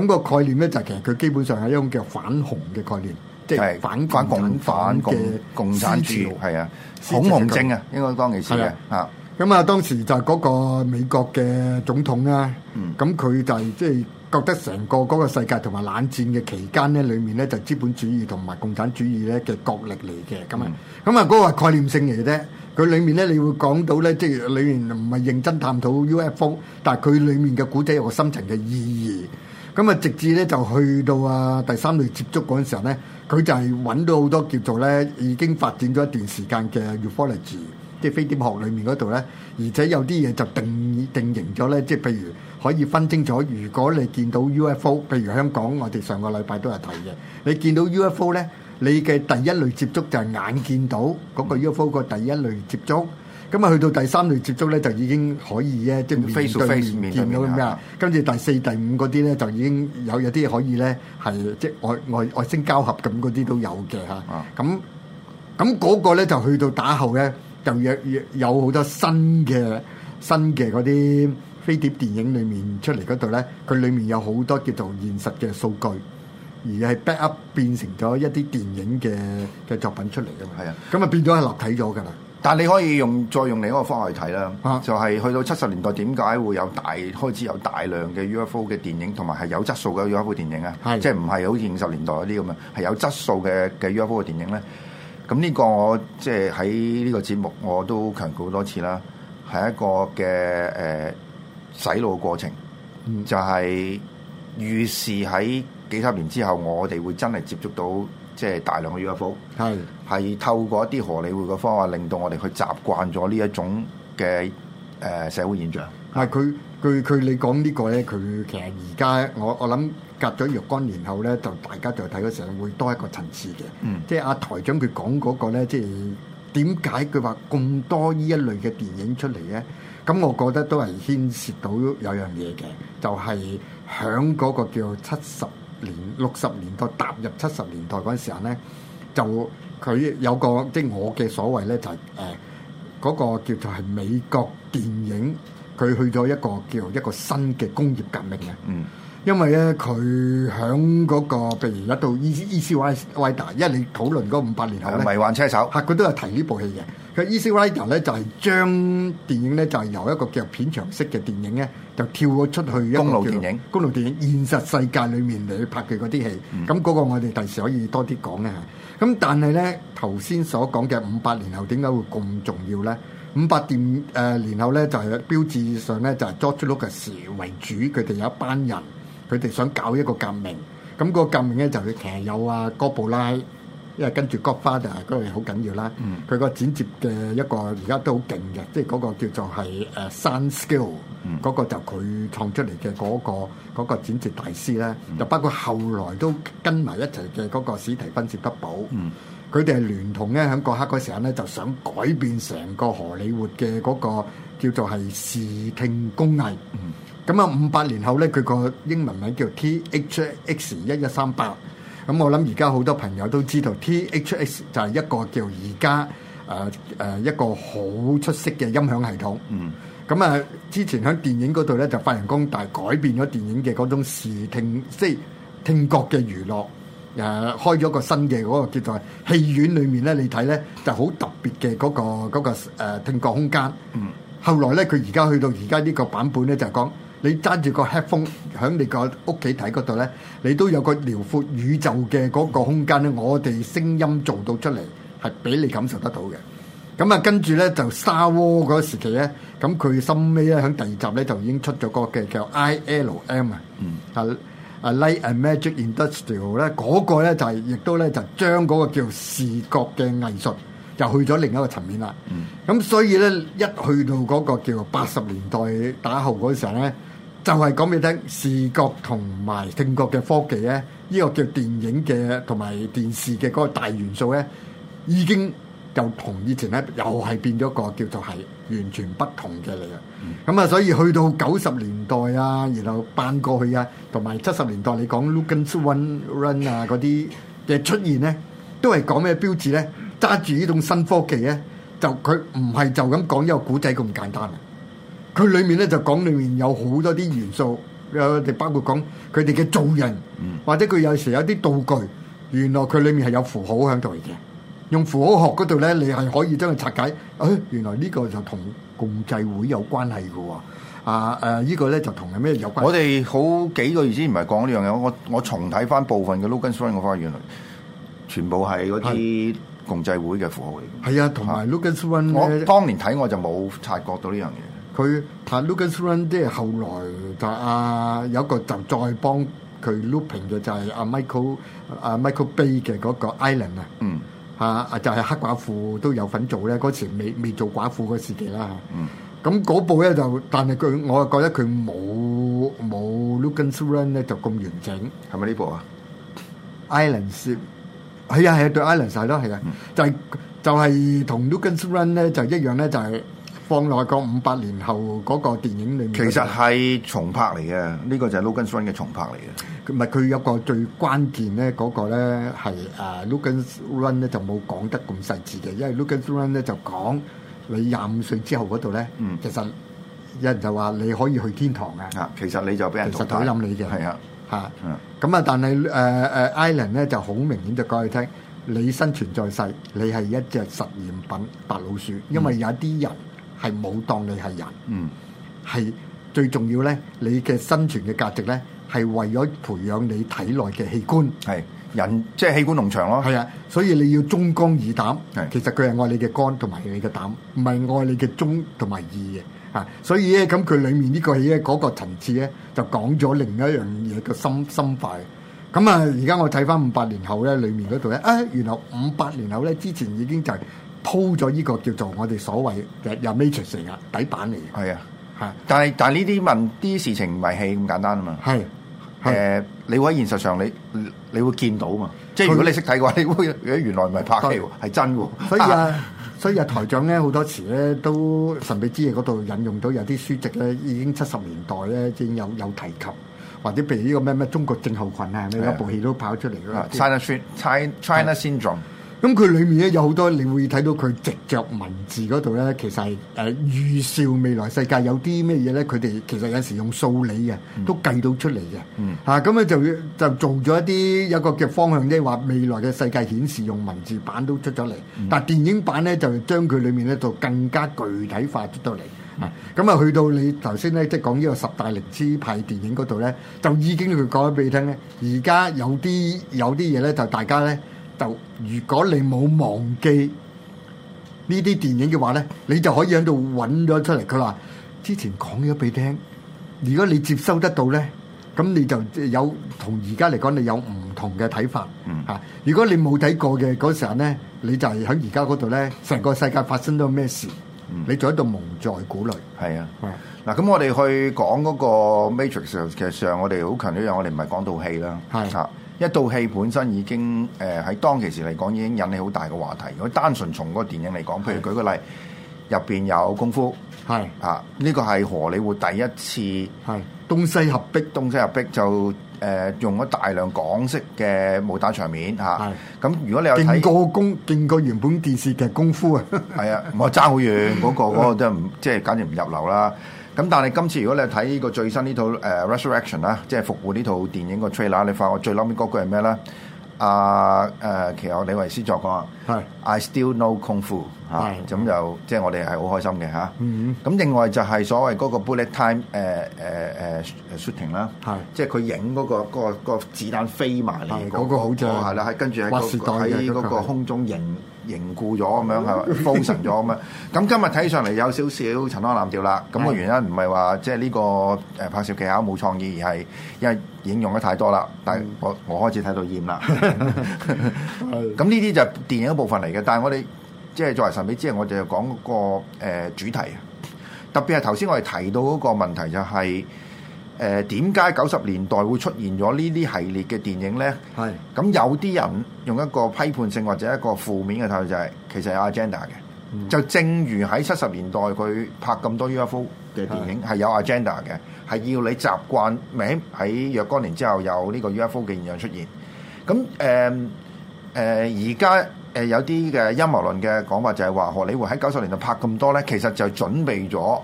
咁個概念咧就其實佢基本上係一種叫反紅嘅概念，即係反反共反共共產主義，係啊，恐紅症啊，應該當其時嘅啊。咁啊，當時就係嗰個美國嘅總統啦，咁佢就係即係。覺得成個嗰個世界同埋冷戰嘅期間咧，裏面咧就資本主義同埋共產主義咧嘅角力嚟嘅。咁啊，咁啊嗰個係概念性嚟嘅啫。佢裏面咧，你會講到咧，即係裏面唔係認真探討 UFO，但係佢裏面嘅古仔有個深層嘅意義。咁啊，直至咧就去到啊第三類接觸嗰陣時候咧，佢就係揾到好多叫做咧，已經發展咗一段時間嘅 ufology，即係飛碟學裏面嗰度咧，而且有啲嘢就定定型咗咧，即係譬如。可以分清楚，如果你見到 UFO，譬如香港，我哋上個禮拜都係睇嘅。你見到 UFO 咧，你嘅第一類接觸就係眼見到嗰個 UFO 嘅第一類接觸。咁啊，去到第三類接觸咧，就已經可以咧，即係面對面見到咁樣。跟住第四、第五嗰啲咧，就已經有有啲可以咧，係即係外外外星交合咁嗰啲都有嘅嚇。咁咁嗰個咧，就去到打後咧，就有有有好多新嘅新嘅嗰啲。飛碟電影裏面出嚟嗰度咧，佢裏面有好多叫做現實嘅數據，而係 back up 變成咗一啲電影嘅嘅作品出嚟噶嘛，係啊，咁啊變咗係立體咗噶啦。但係你可以用再用另一個方法去睇啦，啊、就係去到七十年代點解會有大開始有大量嘅 UFO 嘅電影，同埋係有質素嘅 UFO 電影啊，即係唔係好似五十年代嗰啲咁啊，係有質素嘅嘅 UFO 嘅電影咧。咁呢個我即係喺呢個節目我都強調好多次啦，係一個嘅誒。呃洗腦嘅過程，嗯、就係預示喺幾十年之後，我哋會真係接觸到即係、就是、大量嘅 UFO，係係透過一啲合理會嘅方法，令到我哋去習慣咗呢一種嘅誒、呃、社會現象。係佢佢佢，你講呢個咧，佢其實而家我我諗隔咗若干年後咧，就大家就睇嗰時候會多一個層次嘅。嗯，即係阿、啊、台長佢講嗰個咧，即、就、係、是。點解佢話咁多呢一類嘅電影出嚟咧？咁我覺得都係牽涉到有樣嘢嘅，就係響嗰個叫七十年六十年代踏入七十年代嗰陣時候咧，就佢有個即係我嘅所謂咧，就係誒嗰個叫做係美國電影，佢去咗一個叫一個新嘅工業革命嘅。嗯。因為咧，佢喺嗰個，譬如一度到《Easy Easy Rider》，因為你討論嗰五百年後迷幻車手嚇，佢都有提呢部戲嘅。佢《Easy Rider》咧就係將電影咧就係由一個叫片場式嘅電影咧，就跳咗出去一公路電影，公路電影現實世界裏面嚟拍嘅嗰啲戲。咁嗰、嗯、個我哋第時可以多啲講一下。咁、嗯、但係咧頭先所講嘅五百年後點解會咁重要咧？五百電誒年後咧就係標誌上咧就係 George Lucas 為主，佢哋有一班人。佢哋想搞一個革命，咁、嗯嗰個革命咧就係騎友啊，哥布拉，因為跟住哥花，就係嗰個好緊要啦。佢個、嗯、剪接嘅一個而家都好勁嘅，即係嗰個叫做係誒 san skill，嗰個就佢創出嚟嘅嗰個剪接大師咧，嗯、就包括後來都跟埋一齊嘅嗰個史提芬切不保，佢哋係聯同咧喺嗰刻嗰時候咧，就想改變成個荷里活嘅嗰個叫做係視聽工藝。嗯嗯咁啊，五百年後咧，佢個英文名叫 T H X 一一三八。咁我諗而家好多朋友都知道 T H X 就係一個叫而家誒誒一個好出色嘅音響系統。嗯。咁啊，之前喺電影嗰度咧就發揚光大，改變咗電影嘅嗰種視聽即聽覺嘅娛樂。誒，開咗個新嘅嗰個叫做戲院裏面咧，你睇咧就好特別嘅嗰個嗰個誒聽覺空間。嗯。後來咧，佢而家去到而家呢個版本咧，就係講。你揸住個 headphone 喺你個屋企睇嗰度咧，你都有個遼闊宇宙嘅嗰個空間咧。我哋聲音做到出嚟係俾你感受得到嘅。咁啊，跟住咧就 Star Wars 嗰時期咧，咁佢深屘咧喺第二集咧就已經出咗個嘅叫 ILM 啊，嗯，啊啊 Light and Magic Industrial 咧嗰個咧就係亦都咧就將嗰個叫視覺嘅藝術又去咗另一個層面啦。嗯，咁所以咧一去到嗰個叫八十年代打後嗰時候咧。就係講俾你聽，視覺同埋聽覺嘅科技咧，呢個叫電影嘅同埋電視嘅嗰個大元素咧，已經就同以前咧又係變咗個叫做係完全不同嘅嚟嘅。咁啊，所以去到九十年代啊，然後翻過去啊，同埋七十年代你講 Logan's Run 啊嗰啲嘅出現咧，都係講咩標誌咧？揸住呢種新科技咧，就佢唔係就咁講一個故仔咁簡單。佢裏面咧就講裏面有好多啲元素，有哋包括講佢哋嘅造人，嗯、或者佢有時有啲道具，原來佢裏面係有符號喺度嘅。用符號學嗰度咧，你係可以將佢拆解。誒、啊，原來呢個就同共濟會有關係噶。啊誒，呢、啊這個咧就同係咩有關係？我哋好幾個月之前唔係講呢樣嘢，我我重睇翻部分嘅 Logan's Run 嘅話，原來全部係嗰啲共濟會嘅符號嚟。係的啊，同埋 Logan's Run。我當年睇我就冇察覺到呢樣嘢。佢拍 Logan's Run 即係後來就啊，有一個就再幫佢 looping 嘅就係、是、阿、啊、Michael 阿、啊、Michael Bay 嘅嗰個 Island、嗯、啊，嗯，嚇就係、是、黑寡婦都有份做咧，嗰時未未做寡婦嗰時期啦嚇，咁嗰、嗯、部咧就但係佢我覺得佢冇冇 Logan's Run 咧就咁完整，係咪呢部啊？Island 説係啊係啊，對 Island 晒咯，係啊，啊啊啊嗯、就係、是、就係、是、同 Logan's Run 咧就一樣咧就係、是就是。放落個五百年後嗰、那個電影裏面，其實係重拍嚟嘅。呢、這個就係 Logan's Run 嘅重拍嚟嘅。唔係佢有個最關鍵咧，嗰個咧係誒 Logan's Run 咧就冇講得咁細緻嘅，因為 Logan's Run 咧就講你廿五歲之後嗰度咧，嗯、其實有人就話你可以去天堂嘅。啊，其實你就俾人抬陰你嘅係啊嚇。咁啊，啊，但係誒誒 Island 咧就好明顯就講你聽你生存在世，你係一隻實驗品白老鼠，因為有啲人。係冇當你係人，嗯，係最重要咧。你嘅生存嘅價值咧，係為咗培養你體內嘅器官，係人即係器官農場咯。係啊，所以你要忠肝義膽。是其實佢係愛你嘅肝同埋你嘅膽，唔係愛你嘅忠同埋義嘅。啊，所以咧咁佢裡面呢個戲呢個咧嗰個層次咧，就講咗另一樣嘢嘅心心快。咁啊，而家我睇翻五百年後咧，裡面嗰度咧，啊，原來五百年後咧，之前已經就係、是。鋪咗呢個叫做我哋所謂嘅 matrix 成個底板嚟嘅。係啊，嚇！但係但係呢啲問啲事情唔係戲咁簡單啊嘛。係，誒，你會喺現實上你你會見到嘛？即係如果你識睇嘅話，你會原來唔係拍戲喎，係真喎。所以啊，所以台長咧好多時咧都神秘之夜嗰度引用到有啲書籍咧，已經七十年代咧已經有有提及，或者譬如呢個咩咩中國症候群啊有一部戲都跑出嚟啦。China syndrome。咁佢裏面咧有好多，你會睇到佢直着文字嗰度咧，其實係誒、呃、預兆未來世界有啲咩嘢咧。佢哋其實有時用數理嘅，都計到出嚟嘅。嗯。嚇、啊，咁咧就就做咗一啲有個嘅方向即咧，話、就是、未來嘅世界顯示用文字版都出咗嚟。嗯、但係電影版咧就將佢裡面咧就更加具體化出到嚟。嗯。咁啊、嗯、去到你頭先咧，即係講呢個十大靈知派電影嗰度咧，就已經佢講咗俾你聽咧。而家有啲有啲嘢咧，就大家咧。就如果你冇忘記呢啲電影嘅話咧，你就可以喺度揾咗出嚟。佢話之前講咗俾你聽，如果你接收得到咧，咁你就有同而家嚟講，你有唔同嘅睇法嚇。如果你冇睇過嘅嗰時候咧，你就係喺而家嗰度咧，成個世界發生咗咩事，你就喺度蒙在鼓裏。係啊，嗱，咁我哋去講嗰個 Matrix，其實上我哋好強嘅一樣，我哋唔係講套戲啦，係嚇。一套戲本身已經誒喺、呃、當其時嚟講已經引起好大嘅話題。如果單純從嗰個電影嚟講，譬如舉個例，入邊是有功夫，係是啊，呢個係荷里活第一次係是東西合璧，東西合璧就誒、呃、用咗大量港式嘅武打場面嚇。咁、啊、是如果你有睇勁過功，勁過原本電視劇功夫啊，係 啊，唔係爭好遠嗰、 嗰個嗰、嗰個都唔即係簡直唔入流啦。咁但係今次如果你睇呢個最新呢套誒《Resurrection》啦，即係復活呢套電影個 trailer，你發覺我最嬲面嗰句係咩咧？啊，誒，其實我李維斯作歌係，I still know kung fu 功夫嚇，咁、啊、是就即係我哋係好開心嘅吓，咁、啊嗯嗯、另外就係所謂嗰個 bullet time 誒誒誒 shooting 啦是，即係佢影嗰個嗰個嗰個子彈飛埋嚟嗰個好正係啦，跟住喺嗰個空中影是。凝固咗咁樣係封神咗咁樣，咁 今日睇上嚟有少少陳腔濫調啦。咁 個原因唔係話即係呢個誒拍攝技巧冇創意，而係因為應用得太多啦。但係我我開始睇到厭啦。咁呢啲就係電影一部分嚟嘅。但係我哋即係作為神秘之夜，我哋就講、個誒、呃、主題啊。特別係頭先我哋提到嗰個問題就係、是。誒點解九十年代會出現咗呢啲系列嘅電影呢？係咁是有啲人用一個批判性或者一個負面嘅態度，就係其實有 agenda 嘅。嗯、就正如喺七十年代佢拍咁多 UFO 嘅電影，係是有 agenda 嘅，係要你習慣名喺若干年之後有呢個 UFO 嘅現象出現。咁誒誒而家誒有啲嘅陰謀論嘅講法就係話，荷里活喺九十年代拍咁多呢，其實就準備咗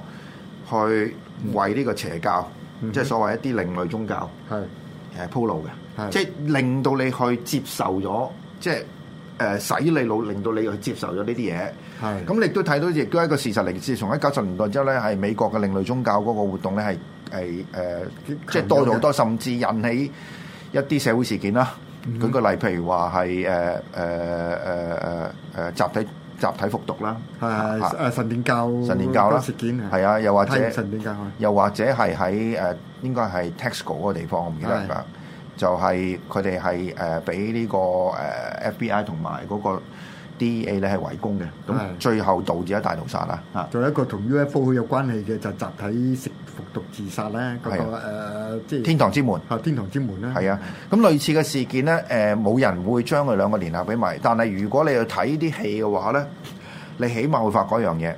去為呢個邪教。嗯即係所謂一啲另類宗教，係誒是、啊、鋪路嘅，是即係令到你去接受咗，即係誒洗你腦，令到你去接受咗呢啲嘢。係咁是，你都睇到，亦都係一個事實嚟。自從喺九十年代之後咧，係美國嘅另類宗教嗰個活動咧，係係誒即係多咗好多，甚至引起一啲社會事件啦。舉個例，譬如話係誒誒誒誒誒集體。集體復讀啦，係的啊，誒神殿教神殿教啦事件，係啊，又或者神殿教，又或者係喺誒應該係 Texas 嗰個地方，的我唔記得咗，就係佢哋係誒俾呢個誒 FBI 同埋嗰個。Uh, D.A. 咧係圍攻嘅，咁的最後導致咗大屠殺啦。啊，仲有一個同 U.F.O. 有關係嘅，就集體食服毒自殺咧、那個。嗰個誒，即、uh, 天堂之門嚇，天堂之門咧。係啊，咁類似嘅事件咧，誒、呃、冇人會將佢兩個連合起埋。但係如果你去睇啲戲嘅話咧，你起碼會發覺一樣嘢。誒、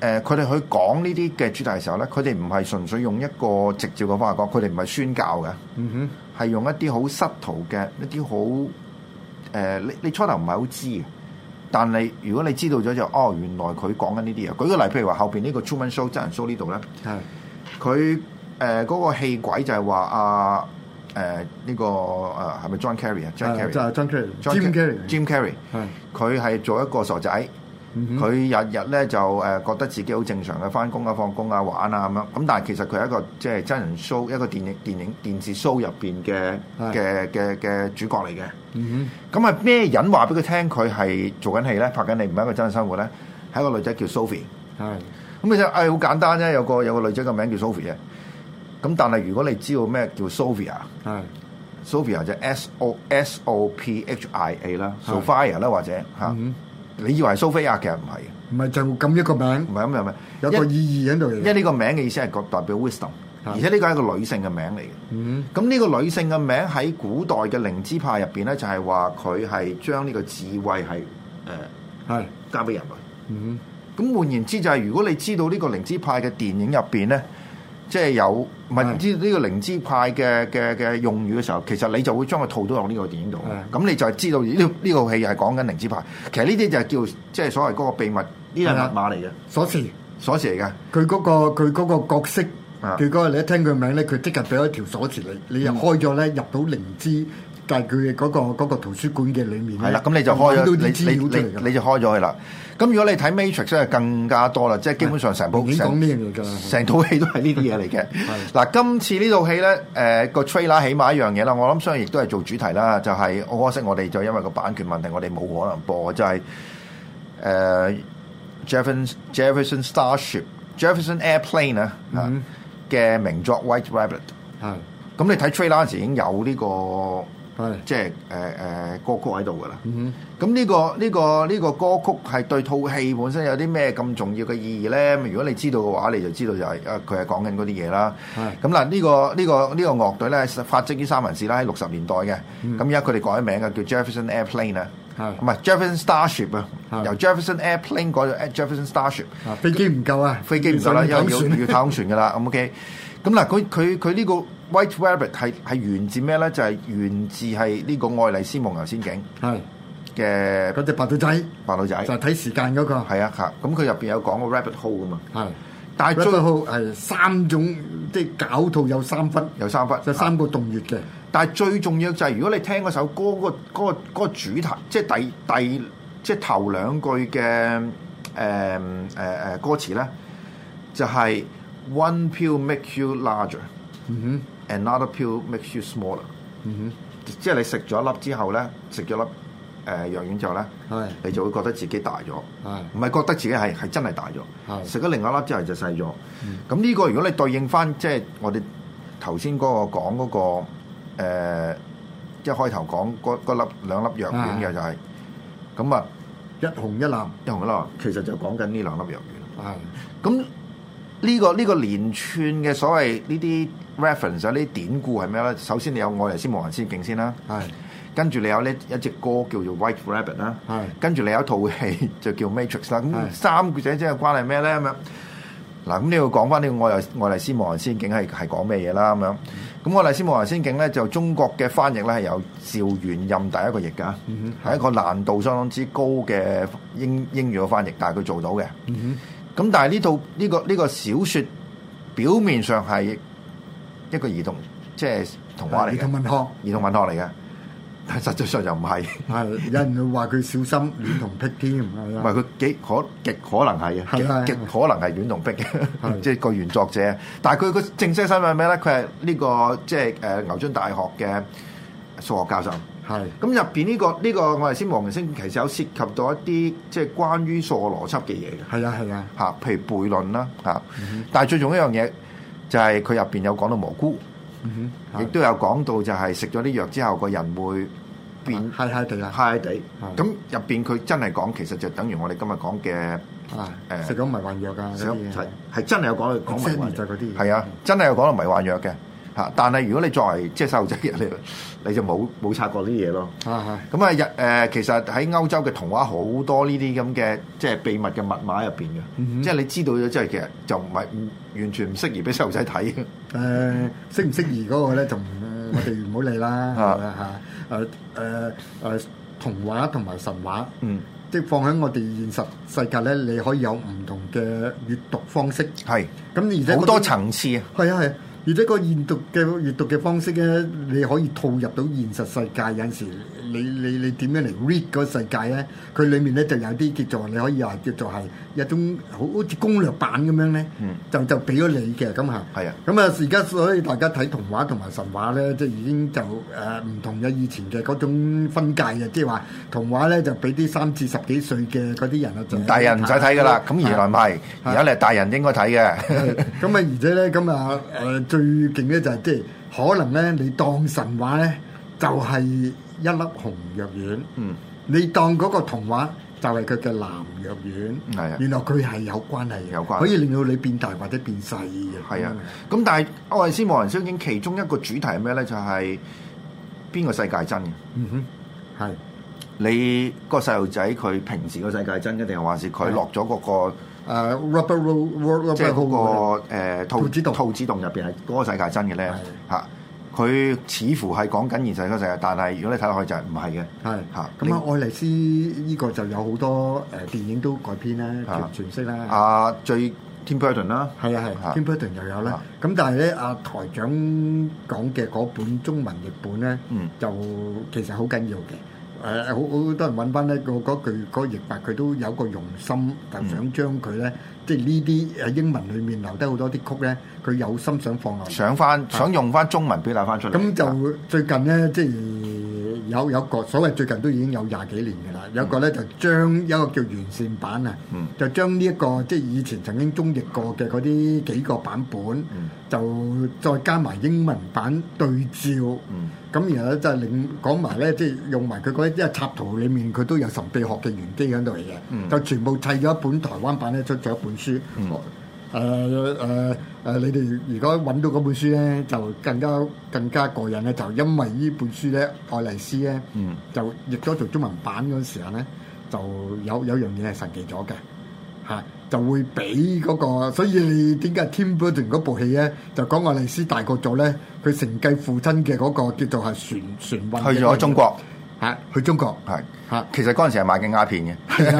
呃，佢哋去講呢啲嘅主題嘅時候咧，佢哋唔係純粹用一個直接嘅方法講，佢哋唔係宣教嘅。哼、mm，係、hmm. 用一啲好失途嘅一啲好誒，你你初頭唔係好知。但係如果你知道咗，就哦，原來佢講緊呢啲嘢。舉個例，譬如話後邊呢個 Truman Show 真人 show 呢度咧，係佢誒嗰個戲軌就係話啊誒呢個誒係咪 John Carrey 啊？Rey, 啊就係、是、John Carrey，Jim Carrey，Jim Carrey，佢係做一個傻仔。的佢日日咧就誒覺得自己好正常嘅，翻工啊、放工啊、玩啊咁樣。咁但係其實佢係一個即係真人 show，一個電影、電影、電視 show 入邊嘅嘅嘅嘅主角嚟嘅。咁係咩人話俾佢聽佢係做緊戲咧，拍緊你唔係一個真人生活咧？係一個女仔叫 Sophie。係咁其實誒好簡單啫，有個有個女仔個名叫 Sophie 嘅。咁但係如果你知道咩叫 Sophia，係 Sophia 就 S O S O P H I A 啦，Sophia 啦或者嚇。你以為蘇菲亞其實唔係嘅，唔係就咁一個名，唔係咁樣，有個意義喺度。因為呢個名嘅意思係代表 wisdom，的而且呢個係一個女性嘅名嚟嘅。嗯哼，咁呢個女性嘅名喺古代嘅靈知派入邊咧，就係話佢係將呢個智慧係誒係交俾人類。呃、的嗯哼，咁換言之就係、是、如果你知道呢個靈知派嘅電影入邊咧。即係有問呢呢個靈知派嘅嘅嘅用語嘅時候，其實你就會將佢套咗落呢個電影度。咁是的 你就係知道呢呢套戲係講緊靈知派。其實呢啲就係叫即係所謂嗰個秘密，呢啲密碼嚟嘅鎖匙，鎖匙嚟嘅。佢嗰個佢嗰個角色，佢嗰個你一聽佢名咧，佢即刻俾一條鎖匙你，你又開咗咧、嗯、入到靈知、那個，但係佢嘅個嗰個圖書館嘅裡面。係啦，咁你就開咗啲資料出嚟，你，你就開咗佢啦。咁如果你睇 Matrix 係更加多啦，即係基本上成部成套戲都係呢啲嘢嚟嘅。嗱 的，今次呢套戲咧，誒、呃、個 trailer 起碼一樣嘢啦，我諗相信亦都係做主題啦，就係、是、可惜我哋就因為個版權問題，我哋冇可能播，就係、是、誒、呃、Jefferson Starship, Jefferson Airplane,、啊、s t a r s h i p Jefferson Airplane 嘅名作 White Rabbit 的。咁你睇 trailer 時已經有呢、這個。即係誒誒歌曲喺度噶啦。咁呢、mm hmm。呢個呢、呢個呢、呢個歌曲係對套戲本身有啲咩咁重要嘅意義咧？咁如果你知道嘅話，你就知道就係誒佢係講緊嗰啲嘢啦。係，咁嗱呢個呢、呢個呢、呢個樂隊咧發跡於三藩市啦，喺六十年代嘅。咁而家佢哋改名啦，叫 Jefferson Airplane、啊。.係唔係 Jefferson Starship 啊？由 Jefferson Airplane 改咗 Jefferson Starship。飛機唔夠啊，飛機唔夠啦，因為要要太空船噶啦。咁 OK，咁嗱佢佢佢呢個 White Rabbit 係係源自咩咧？就係源自係呢個愛麗絲夢遊仙境係嘅嗰隻白兔仔，白兔仔就係睇時間嗰個。係啊，吓咁佢入邊有講個 Rabbit Hole 噶嘛。係，但係 Rabbit Hole 係三種即係搞套有三分，有三分，有三個洞穴嘅。但係最重要就係如果你聽嗰首歌嗰個嗰個嗰個主題，即係第第即係頭兩句嘅誒誒誒歌詞咧，就係 One pill makes you larger，another pill makes you smaller，嗯哼，即係你食咗一粒之後咧，食咗粒誒藥丸之後咧，係，你就會覺得自己大咗，係，唔係覺得自己係係真係大咗，係，食咗另一粒之後就細咗，係，咁呢個如果你對應翻即係我哋頭先嗰個講嗰個。誒，即係開頭講嗰粒兩粒藥丸嘅就係，咁啊一紅一藍，一紅一藍，其實就講緊呢兩粒藥丸。咁呢個呢個連串嘅所謂呢啲 reference 呢啲典故係咩咧？首先你有愛麗絲夢遊仙境先啦，係，跟住你有呢一隻歌叫做 White Rabbit 啦，係，跟住你有一套戲就叫 Matrix 啦，咁三句仔即係關係咩咧咁樣？嗱，咁你要講翻呢個愛麗愛麗絲夢遊仙境係係講咩嘢啦咁樣？咁愛麗斯夢遊《仙境、嗯》咧、嗯哼，就中國嘅翻譯咧，係由趙元任第一個譯嘅，係一個難度相當之高嘅英英語嘅翻譯，但係佢做到嘅。咁、嗯、哼但係呢套呢個呢、這個小説表面上係一個兒童，即、就、係、是、童話嚟，兒童文學嚟嘅。但實際上又唔係，係有人會話佢小心戀童癖添，唔係佢幾可極可能係啊，極極可能係戀童癖嘅，即係個原作者。但係佢個正式身份係咩咧？佢係呢個即係誒牛津大學嘅數學教授。係，咁入邊呢個呢個我哋先黃明星，其實有涉及到一啲即係關於數學邏輯嘅嘢。係啊係啊，嚇，譬如悖論啦嚇。但係最重要一樣嘢就係佢入邊有講到蘑菇。亦、嗯、都有講到就係食咗啲藥之後，個人會變，嗨嗨哋啊，嗨嗨哋。咁入邊佢真係講，其實就等於我哋今日講嘅，誒食咗迷幻藥啊嗰啲嘢，係真係有講到迷幻藥嘅。嗯。嚇！但係如果你作為即係細路仔，你你就冇冇察覺啲嘢咯。係係。咁啊，日誒，其實喺歐洲嘅童話好多呢啲咁嘅即係秘密嘅密碼入邊嘅。嗯哼。即係你知道咗，即係其實就唔係完全唔適宜俾細路仔睇嘅。誒，適唔適宜嗰個咧，就唔我哋唔好理啦。係啦嚇。誒誒誒童話同埋神話。嗯。即係放喺我哋現實世界咧，你可以有唔同嘅閱讀方式。係。咁而且好多層次啊。係啊係啊。而且個閲讀嘅閲讀嘅方式咧，language，你可以套入到現實世界。有陣時你你你點樣嚟 read 個世界咧？佢裏面咧就有啲傑作，你，你 society, mind，可以話叫做係一種好好似攻略版咁樣咧。嗯。就就俾咗你嘅咁嚇。係啊。咁啊，而家所以大家睇童話同埋神話咧，即係已經就誒唔同嘅以前嘅嗰種分界嘅，即係話童話咧就俾啲三至十幾歲嘅嗰啲人啊，大人唔使睇㗎啦。咁原來唔係，而家嚟大人應該睇嘅。咁啊，而且咧，咁啊誒。最勁咧就係即係可能咧，你當神話咧就係一粒紅藥丸，嗯，你當嗰個童話就係佢嘅藍藥丸，係啊，原來佢係有關係，有關係，可以令到你變大或者變細嘅，係啊。咁但係愛麗斯夢遊仙境，其中一個主題係咩咧？就係邊個世界真嘅？嗯哼，係你個細路仔佢平時個世界真嘅，定還是佢落咗嗰個？誒 rabbit hole 即係個兔子洞入邊係嗰世界真嘅咧嚇，佢似乎係講緊現實世界，但係如果你睇落去就係唔係嘅，係嚇。咁啊愛麗絲呢個就有好多誒電影都改編咧全傳啦。咧，最 Tim Burton 啦，係啊係 Tim Burton 又有啦。咁但係咧阿台長講嘅嗰本中文譯本咧，嗯，就其實好緊要嘅。誒、呃、好好多人揾翻咧，嗰個句嗰、嗰個譯法，佢都有個用心，就、嗯、想將佢咧，即係呢啲誒英文裏面留低好多啲曲咧，佢有心想放落。想翻回，啊、想用翻中文表達翻出嚟。咁就最近咧，啊、即係。有有一個所謂最近都已經有廿幾年嘅啦，嗯、有一個咧，就將一個叫完善版啊，嗯、就將呢、這、一個即係以前曾經中譯過嘅嗰啲幾個版本，嗯、就再加埋英文版對照，咁、嗯、然後咧就令講埋咧，即係用埋佢嗰啲，因為插圖裡面佢都有神秘學嘅玄機喺度嚟嘅，嗯、就全部砌咗一本台灣版咧，出咗一本書。嗯嗯誒誒誒，你哋如果揾到嗰本書咧，就更加更加過癮咧，就因為呢本書咧，《愛麗絲》咧、嗯，就譯咗做中文版嗰陣時候咧，就有有樣嘢係神奇咗嘅嚇，就會俾嗰、嗰個，所以點解 Tim Burton 嗰部戲咧就講愛麗絲大個咗咧，佢承繼父親嘅嗰個叫做係船船運去咗中國。嚇！去中國係嚇，的其實嗰陣時係買緊鴉片嘅的。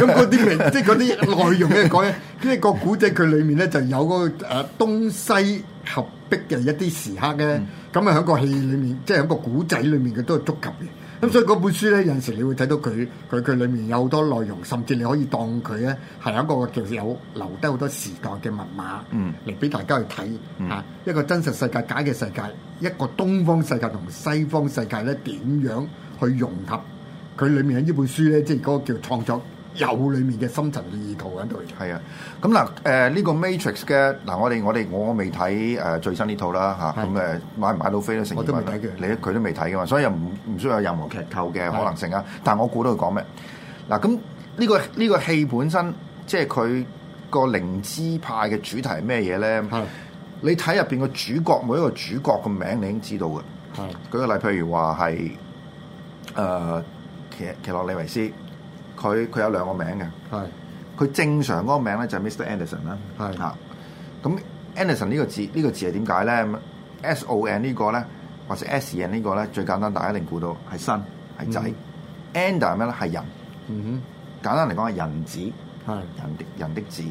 咁嗰啲名，即係啲內容嚟講咧，即係 個古仔佢裡面咧就有嗰個誒東西合璧嘅一啲時刻咧，咁啊喺個戲裡面，即係喺個古仔裡面佢都係觸及嘅。咁所以嗰本書咧，有陣時你會睇到佢，佢佢裏面有好多內容，甚至你可以當佢咧係一個叫有留低好多時代嘅密碼嚟俾、嗯、大家去睇嚇、嗯啊、一個真實世界假嘅世界，一個東方世界同西方世界咧點樣去融合？佢裏面呢本書咧，即係嗰個叫創作。有裡面嘅深層嘅意圖喺度嚟係啊，咁嗱誒呢個 Matrix 嘅嗱，我哋我哋我未睇誒最新呢套啦嚇，咁誒的、嗯、買唔買到飛都成我都未睇嘅。你佢是的 都未睇嘅嘛，所以又唔唔需要有任何劇透嘅可能性啊。的但係我估到佢講咩？嗱，咁、這、呢個呢、這個戲本身即係佢個靈知派嘅主題係咩嘢咧？的你睇入邊個主角每一個主角嘅名，你已經知道嘅。係舉個例，譬如話係誒奇奇洛李維斯。佢佢有兩個名嘅，係佢是正常嗰個名咧就 Mr.Anderson 啦是，係嚇、嗯。咁 Anderson 呢個字呢、呢個字係點解咧？S O N 個呢個咧，或者 S, s N 個呢個咧，最簡單大家一定估到係新係仔。Ander 係咩咧？係、er、人，嗯、哼，簡單嚟講係人子，係是人的人的子。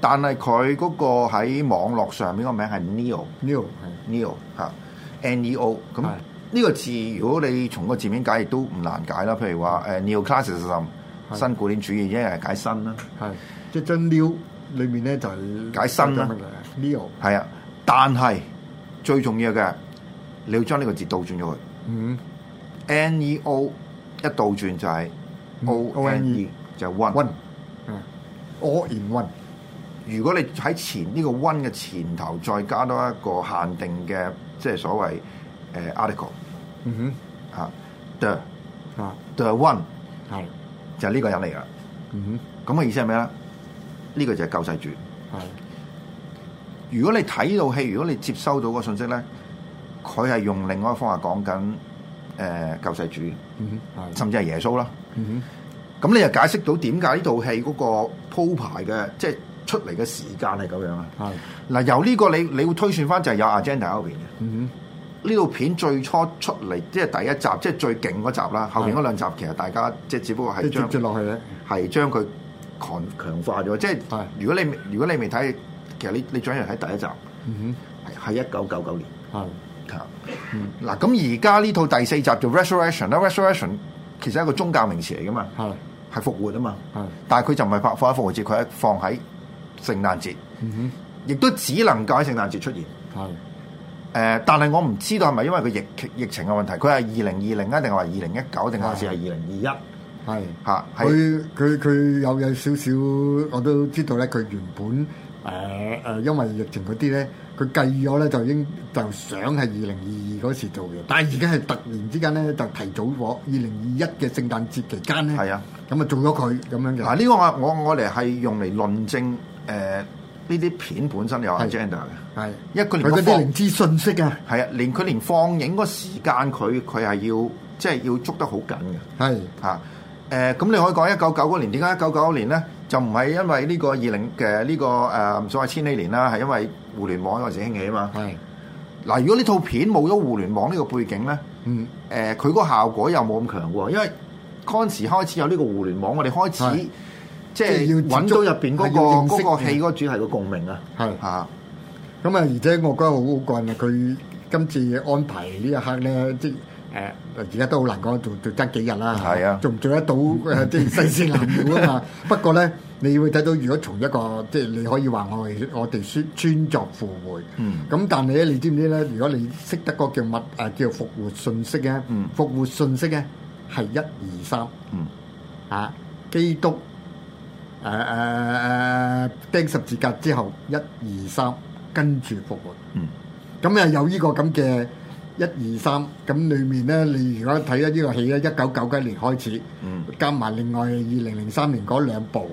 但係佢嗰個喺網絡上面個名係是 Neo Neo 係 Neo 嚇 N E O 咁。呢個字如果你從個字面解亦都唔難解啦，譬如話誒 neo-classicism 新古典主義，一樣係解新啦。係即係進 neo 裏面咧，就係解新啦。neo 係啊，但係最重要嘅，你要將呢個字倒轉咗佢。嗯，neo 一倒轉就係 one，就 one。嗯 all in one。如果你喺前呢個 one 嘅前頭再加多一個限定嘅，即係所謂誒 article。嗯哼，啊 the，the one 係 Yes. 就係呢個人嚟噶，嗯哼、mm，咁、hmm. 嘅意思係咩咧？呢、這個就係救世主，係。Yes. 如果你睇到套戲，如果你接收到個信息咧，佢係用另外一個方法講緊，誒、呃，救世主，Yes. 甚至係耶穌啦，嗯咁你又解釋到點解呢套戲嗰個鋪排嘅，即係出嚟嘅時間係咁樣啊？係。嗱、就是，Yes. 由呢個你你會推算翻就係、是、有 agenda out 邊嘅，嗯哼、mm。Hmm. 呢套片最初出嚟，即係第一集，即係最勁嗰集啦。後邊嗰兩集其實大家即係只不過係接落去咧，係將佢強強化咗。即係如果你如果你未睇，其實你你最好睇第一集。哼，係一九九九年。係，嗱，咁而家呢套第四集叫 Resurrection 啦。Resurrection 其實係一個宗教名詞嚟噶嘛。係，係復活啊嘛。係，但係佢就唔係放喺復活節，佢係放喺聖誕節。哼，亦都只能夠喺聖誕節出現。係。誒、呃，但係我唔知道係咪因為佢疫疫情嘅問題，佢係二零二零啊，定係話二零一九，定還是係二零二一？係嚇，佢佢佢有有少少，我都知道咧。佢原本誒誒，呃、因為疫情嗰啲咧，佢計咗咧就應就想係二零二二嗰時做嘅，但係而家係突然之間咧就提早咗二零二一嘅聖誕節期間咧，係啊，咁啊做咗佢咁樣嘅。嗱、這、呢個我我我嚟係用嚟論證誒呢啲片本身有冇 agenda 嘅。係，一佢連嗰啲靈知信息啊，係啊，連佢連放映嗰個時間，佢佢係要即係要捉得好緊嘅。係是，吓、啊，誒、呃，咁你可以講一九九嗰年，點解一九九嗰年咧，就唔係因為呢個二零嘅呢個誒，唔、呃、所謂千禧年啦，係因為互聯網開始興起啊嘛。係是，嗱、啊，如果呢套片冇咗互聯網呢個背景咧，嗯，誒、呃，佢嗰個效果又冇咁強嘅，因為嗰陣時開始有呢個互聯網，我哋開始即係搵到入邊嗰個嗰個戲嗰個主題嘅共鳴啊，係啊、嗯。是咁啊！而且我覺得好好幹啊！佢今次安排呢一刻咧，即係誒，而、呃、家都好難講，做做爭幾日啦嚇，仲、嗯、做得到即係世事難料啊、就是、嘛。嗯、不過咧，你會睇到，如果從一個即係你可以話我我哋專作復活，嗯，咁但係咧，你知唔知咧？如果你識得個叫乜誒叫復活信息咧，嗯，復活信息咧係一二三，1, 2, 3, 嗯，啊、嗯、基督誒誒、呃呃呃呃、釘十字架之後一二三。跟住復活，咁啊、嗯、有呢個咁嘅一二三，咁裡面咧，你如果睇咗呢個戲咧，一九九九年開始，嗯、加埋另外二零零三年嗰兩部，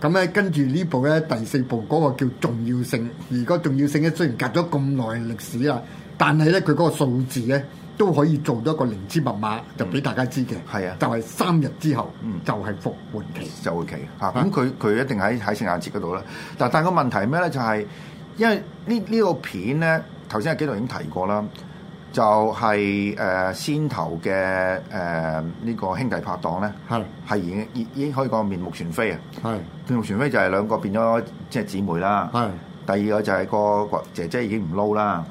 咁咧、嗯、跟住呢部咧第四部嗰個叫重要性，而個重要性咧雖然隔咗咁耐歷史啦，但係咧佢嗰個數字咧都可以做到一個靈知密碼，就俾大家知嘅。係、嗯、啊，就係三日之後，就係復活期，嗯、就期、OK, 嚇、啊。咁佢佢一定喺喺聖誕節度啦。但但個問題咩咧？就係、是。就是因為呢呢、這個片咧，頭先阿紀陶已經提過啦，就係、是、誒、呃、先頭嘅誒呢個兄弟拍檔咧，係係已經已已經可以講面目全非啊，是面目全非就係兩個變咗即係姊妹啦，是第二個就係個姐姐已經唔撈啦。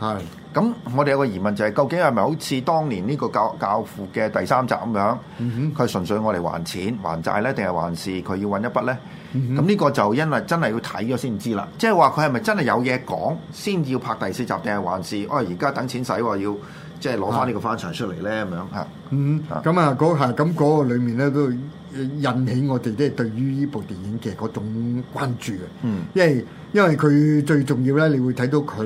咁我哋有個疑問就係，究竟係咪好似當年呢個教教父嘅第三集咁樣，佢、嗯、哼純粹我嚟還錢還債咧，定係還是佢要搵一筆咧？咁呢、嗯、哼個就因為真係要睇咗先知啦。即、就、係、是、話佢係咪真係有嘢講，先要拍第四集，定係還是我而家等錢使喎，要即係攞翻呢個翻場出嚟咧咁樣嚇？啊啊、嗯，咁啊嗰係咁嗰個裡面咧都。引起我哋都係對於呢部電影嘅嗰種關注嘅，嗯，因為因為佢最重要咧，你會睇到佢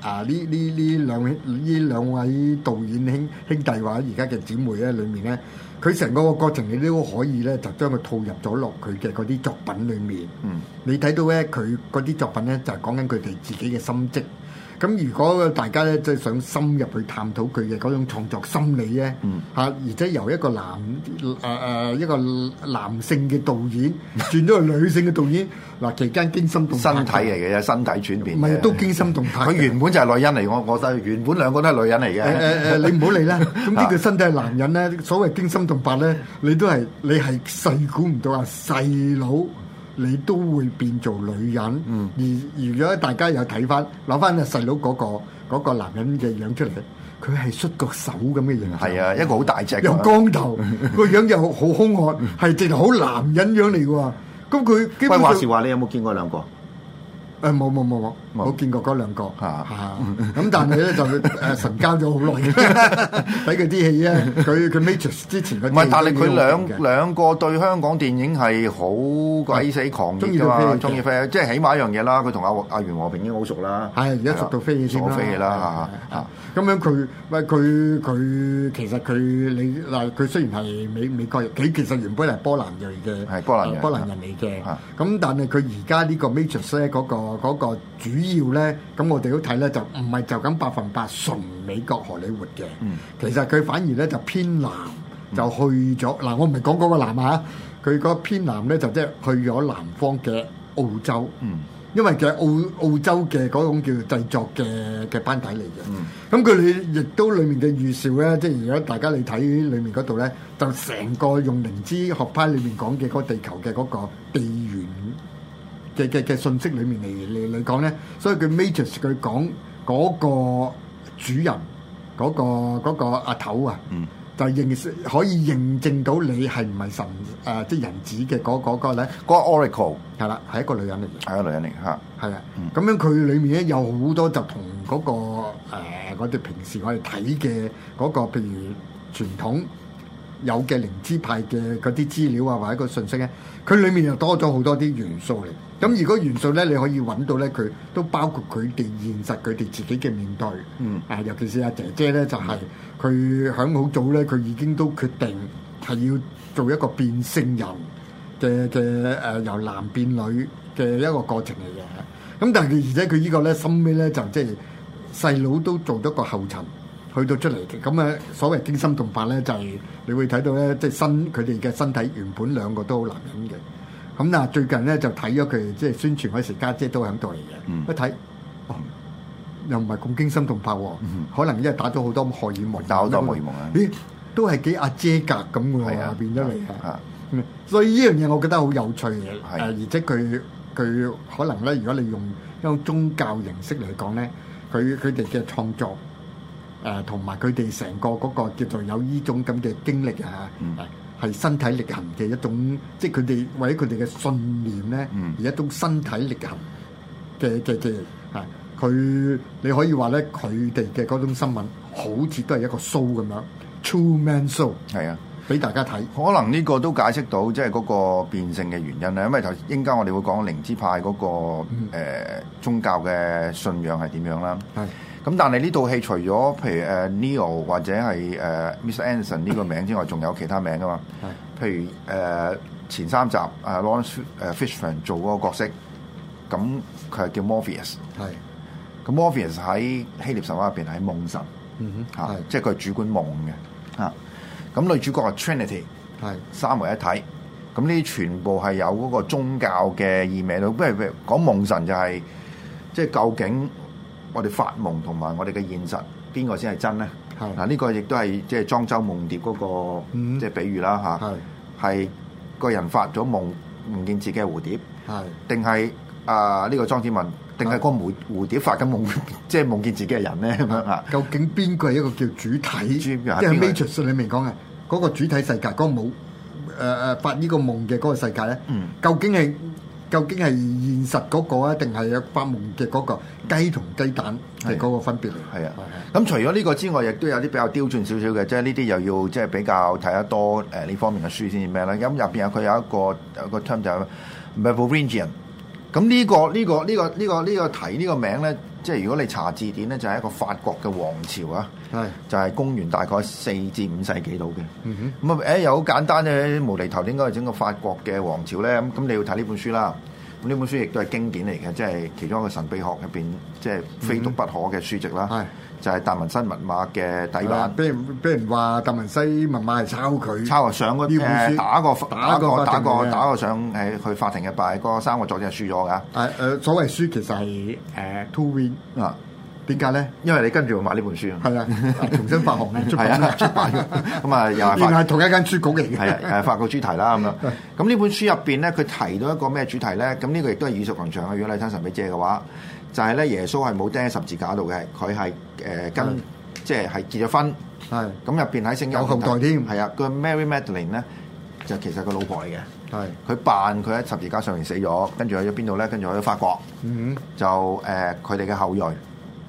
啊呢呢呢兩呢兩位導演兄兄弟或而家嘅姊妹咧，裏面咧，佢成個過程你都可以咧就將佢套入咗落佢嘅嗰啲作品裏面。嗯，你睇到咧，佢嗰啲作品咧就係、是、講緊佢哋自己嘅心跡。咁如果大家咧即係想深入去探討佢嘅嗰種創作心理咧，嚇，而且由一個男誒誒一個男性嘅導演轉咗去女性嘅導演，嗱期間驚心動魄，身體嚟嘅，身體轉變，唔係都驚心動魄。佢原本就係女人嚟，我我就原本兩個都係女人嚟嘅。誒誒，你唔好理啦。咁呢個身體係男人咧，所謂驚心動魄咧，你都係你係細估唔到啊，細佬。你都會變做女人，嗯、而如果大家有睇翻，攞翻阿細佬嗰個嗰個男人嘅樣出嚟，佢係摔角手咁嘅樣啊！係、嗯、啊，一個好大隻，又光頭，個 樣又好兇悍，係直頭好男人樣嚟㗎喎！咁佢，不話時話，你有冇見過兩個？誒冇冇冇冇，冇見過嗰兩個，咁但係咧就誒神交咗好耐，睇佢啲戲咧，佢佢 Matrix 之前唔係，但係佢兩兩個對香港電影係好鬼死狂熱嘅，中意中意飛，即係起碼一樣嘢啦。佢同阿阿袁和平已經好熟啦，係而家熟到飛起先啦，飛起啦咁樣佢喂佢佢其實佢你嗱佢雖然係美美國嘅，佢其實原本身係波蘭裔嘅，係波蘭人，波蘭人嚟嘅，咁但係佢而家呢個 Matrix 咧，嗰個。嗰個主要咧，咁我哋都睇咧，就唔係就咁百分百純美國荷里活嘅，其實佢反而咧就偏南，就去咗嗱，我唔係講嗰個南啊，佢嗰偏南咧就即係去咗南方嘅澳洲，因為其實澳澳洲嘅嗰種叫製作嘅嘅班底嚟嘅，咁佢哋亦都裡面嘅預兆咧，即係而家大家你睇裡面嗰度咧，就成個用靈知學派裡面講嘅嗰個地球嘅嗰個地緣。嘅嘅嘅信息裏面嚟嚟嚟講咧，所以佢 Majus 佢講嗰個主人嗰個嗰個阿頭啊，就認可以認證到你係唔係神，誒即係人子嘅嗰個咧，嗰 Oracle 係啦，係一個女人嚟嘅，係一個女人嚟嚇，係啊，咁樣佢裡面咧有好多就同嗰個誒我哋平時我哋睇嘅嗰個譬如傳統。有嘅靈知派嘅嗰啲資料啊，或者個信息咧，佢裏面又多咗好多啲元素嚟。咁如果元素咧，你可以揾到咧，佢都包括佢哋現實佢哋自己嘅面對。嗯。誒，尤其是阿姐姐咧，就係佢響好早咧，佢已經都決定係要做一個變性人嘅嘅誒，由男變女嘅一個過程嚟嘅。咁但係而且佢呢個咧，心尾咧就即係細佬都做咗個後塵。去到出嚟嘅咁啊，所謂驚心動魄咧，就係、是、你會睇到咧，即係身佢哋嘅身體原本兩個都好男人嘅，咁嗱最近咧就睇咗佢即係宣傳嗰時，家姐都喺度嚟嘅，嗯、一睇、哦、又唔係咁驚心動魄喎、哦，嗯、可能因為打咗好多荷爾蒙，好多荷爾蒙啊，咦、都係幾阿姐格咁嘅喎，變咗嚟啊，啊啊所以呢樣嘢我覺得好有趣嘅，誒、啊啊、而且佢佢可能咧，如果你用一種宗教形式嚟講咧，佢佢哋嘅創作。誒、同埋佢哋成個嗰個叫做有呢種咁嘅經歷啊，係、嗯啊、身體力行嘅一種，即係佢哋為咗佢哋嘅信念咧，而一種身體力行嘅嘅嘅嚇，佢、啊、你可以話咧，佢哋嘅嗰種新聞好似都係一個 show 咁樣，true man show 係啊，俾大家睇，可能呢個都解釋到即係嗰個變性嘅原因啦，因為頭先應家我哋會講靈知派嗰、那個、嗯呃、宗教嘅信仰係點樣啦。咁但係呢套戲除咗譬如誒 Neo 或者係誒 Mr. Anderson 呢個名之外，仲有其他名噶嘛？係。 譬如誒前三集誒 Lawrence 誒 Fishburn 做嗰個角色，咁佢係叫 Morpheus 係。咁 Morpheus 喺希臘神話入邊係夢神。嗯哼即係佢係主管夢嘅。啊。咁、 啊、女主角係 Trinity。係。 三為一體。咁呢啲全部係有嗰個宗教嘅意味咯。不如講夢神就係、是、即係究竟。我哋發夢同埋我哋嘅現實，邊個先係真咧？嗱，呢個亦都係即係莊周夢蝶嗰個即係比喻啦嚇，係個人發咗夢，夢見自己係蝴蝶，係定係啊呢個莊子問，定係個蝴蝴蝶發緊夢，即係夢見自己係人咧咁樣啊？究竟邊個係一個叫主體？即係 matrix，裏面講嘅嗰個主體世界，嗰個冇誒誒發呢個夢嘅嗰個世界咧，究竟係？究竟係現實嗰個啊，定係有發夢嘅嗰個雞同雞蛋嘅嗰個分別嚟？係啊，係啊，咁除咗呢個之外，亦都有啲比較刁鑽少少嘅，即係呢啲又要即係比較睇得多誒呢方面嘅書先知咩咧？咁入邊啊，佢有一個有一個 term 就係 Maple Vision，咁呢個呢個呢個呢個呢個題呢個名咧。即係如果你查字典咧，就係、是、一個法國嘅王朝啊，是就係公元大概四至五世紀度嘅。咁啊誒，有好、嗯、簡單嘅無厘頭，點解係整個法國嘅王朝咧？咁、嗯、咁、嗯嗯、你要睇呢本書啦。咁呢本書亦都係經典嚟嘅，即係其中一個神秘學入邊，即係非讀不可嘅書籍啦。嗯就係達文西密碼嘅底版，俾人俾人話達文西密碼係抄佢，抄啊上嗰啲誒打個打個打個打個上誒去法庭嘅，拜嗰三個作者輸咗㗎。誒誒，所謂輸其實係誒 two win 啊？點解咧？因為你跟住買呢本書啊，係啊，重新發行嘅出啊出版咁啊，又係原來係同一間書局嘅，係啊，發個主題啦咁樣。咁呢本書入邊咧，佢提到一個咩主題咧？咁呢個亦都係耳熟能詳嘅。如果李生神俾借嘅話。就係咧，耶穌係冇釘喺十字架度嘅，佢係誒跟即係係結咗婚，係咁入邊喺聖經有後代添，係啊，個 Mary Magdalene 咧就其實個老婆嚟嘅，係佢扮佢喺十字架上面死咗，跟住去咗邊度咧？跟住去咗法國，嗯哼，就誒佢哋嘅後裔，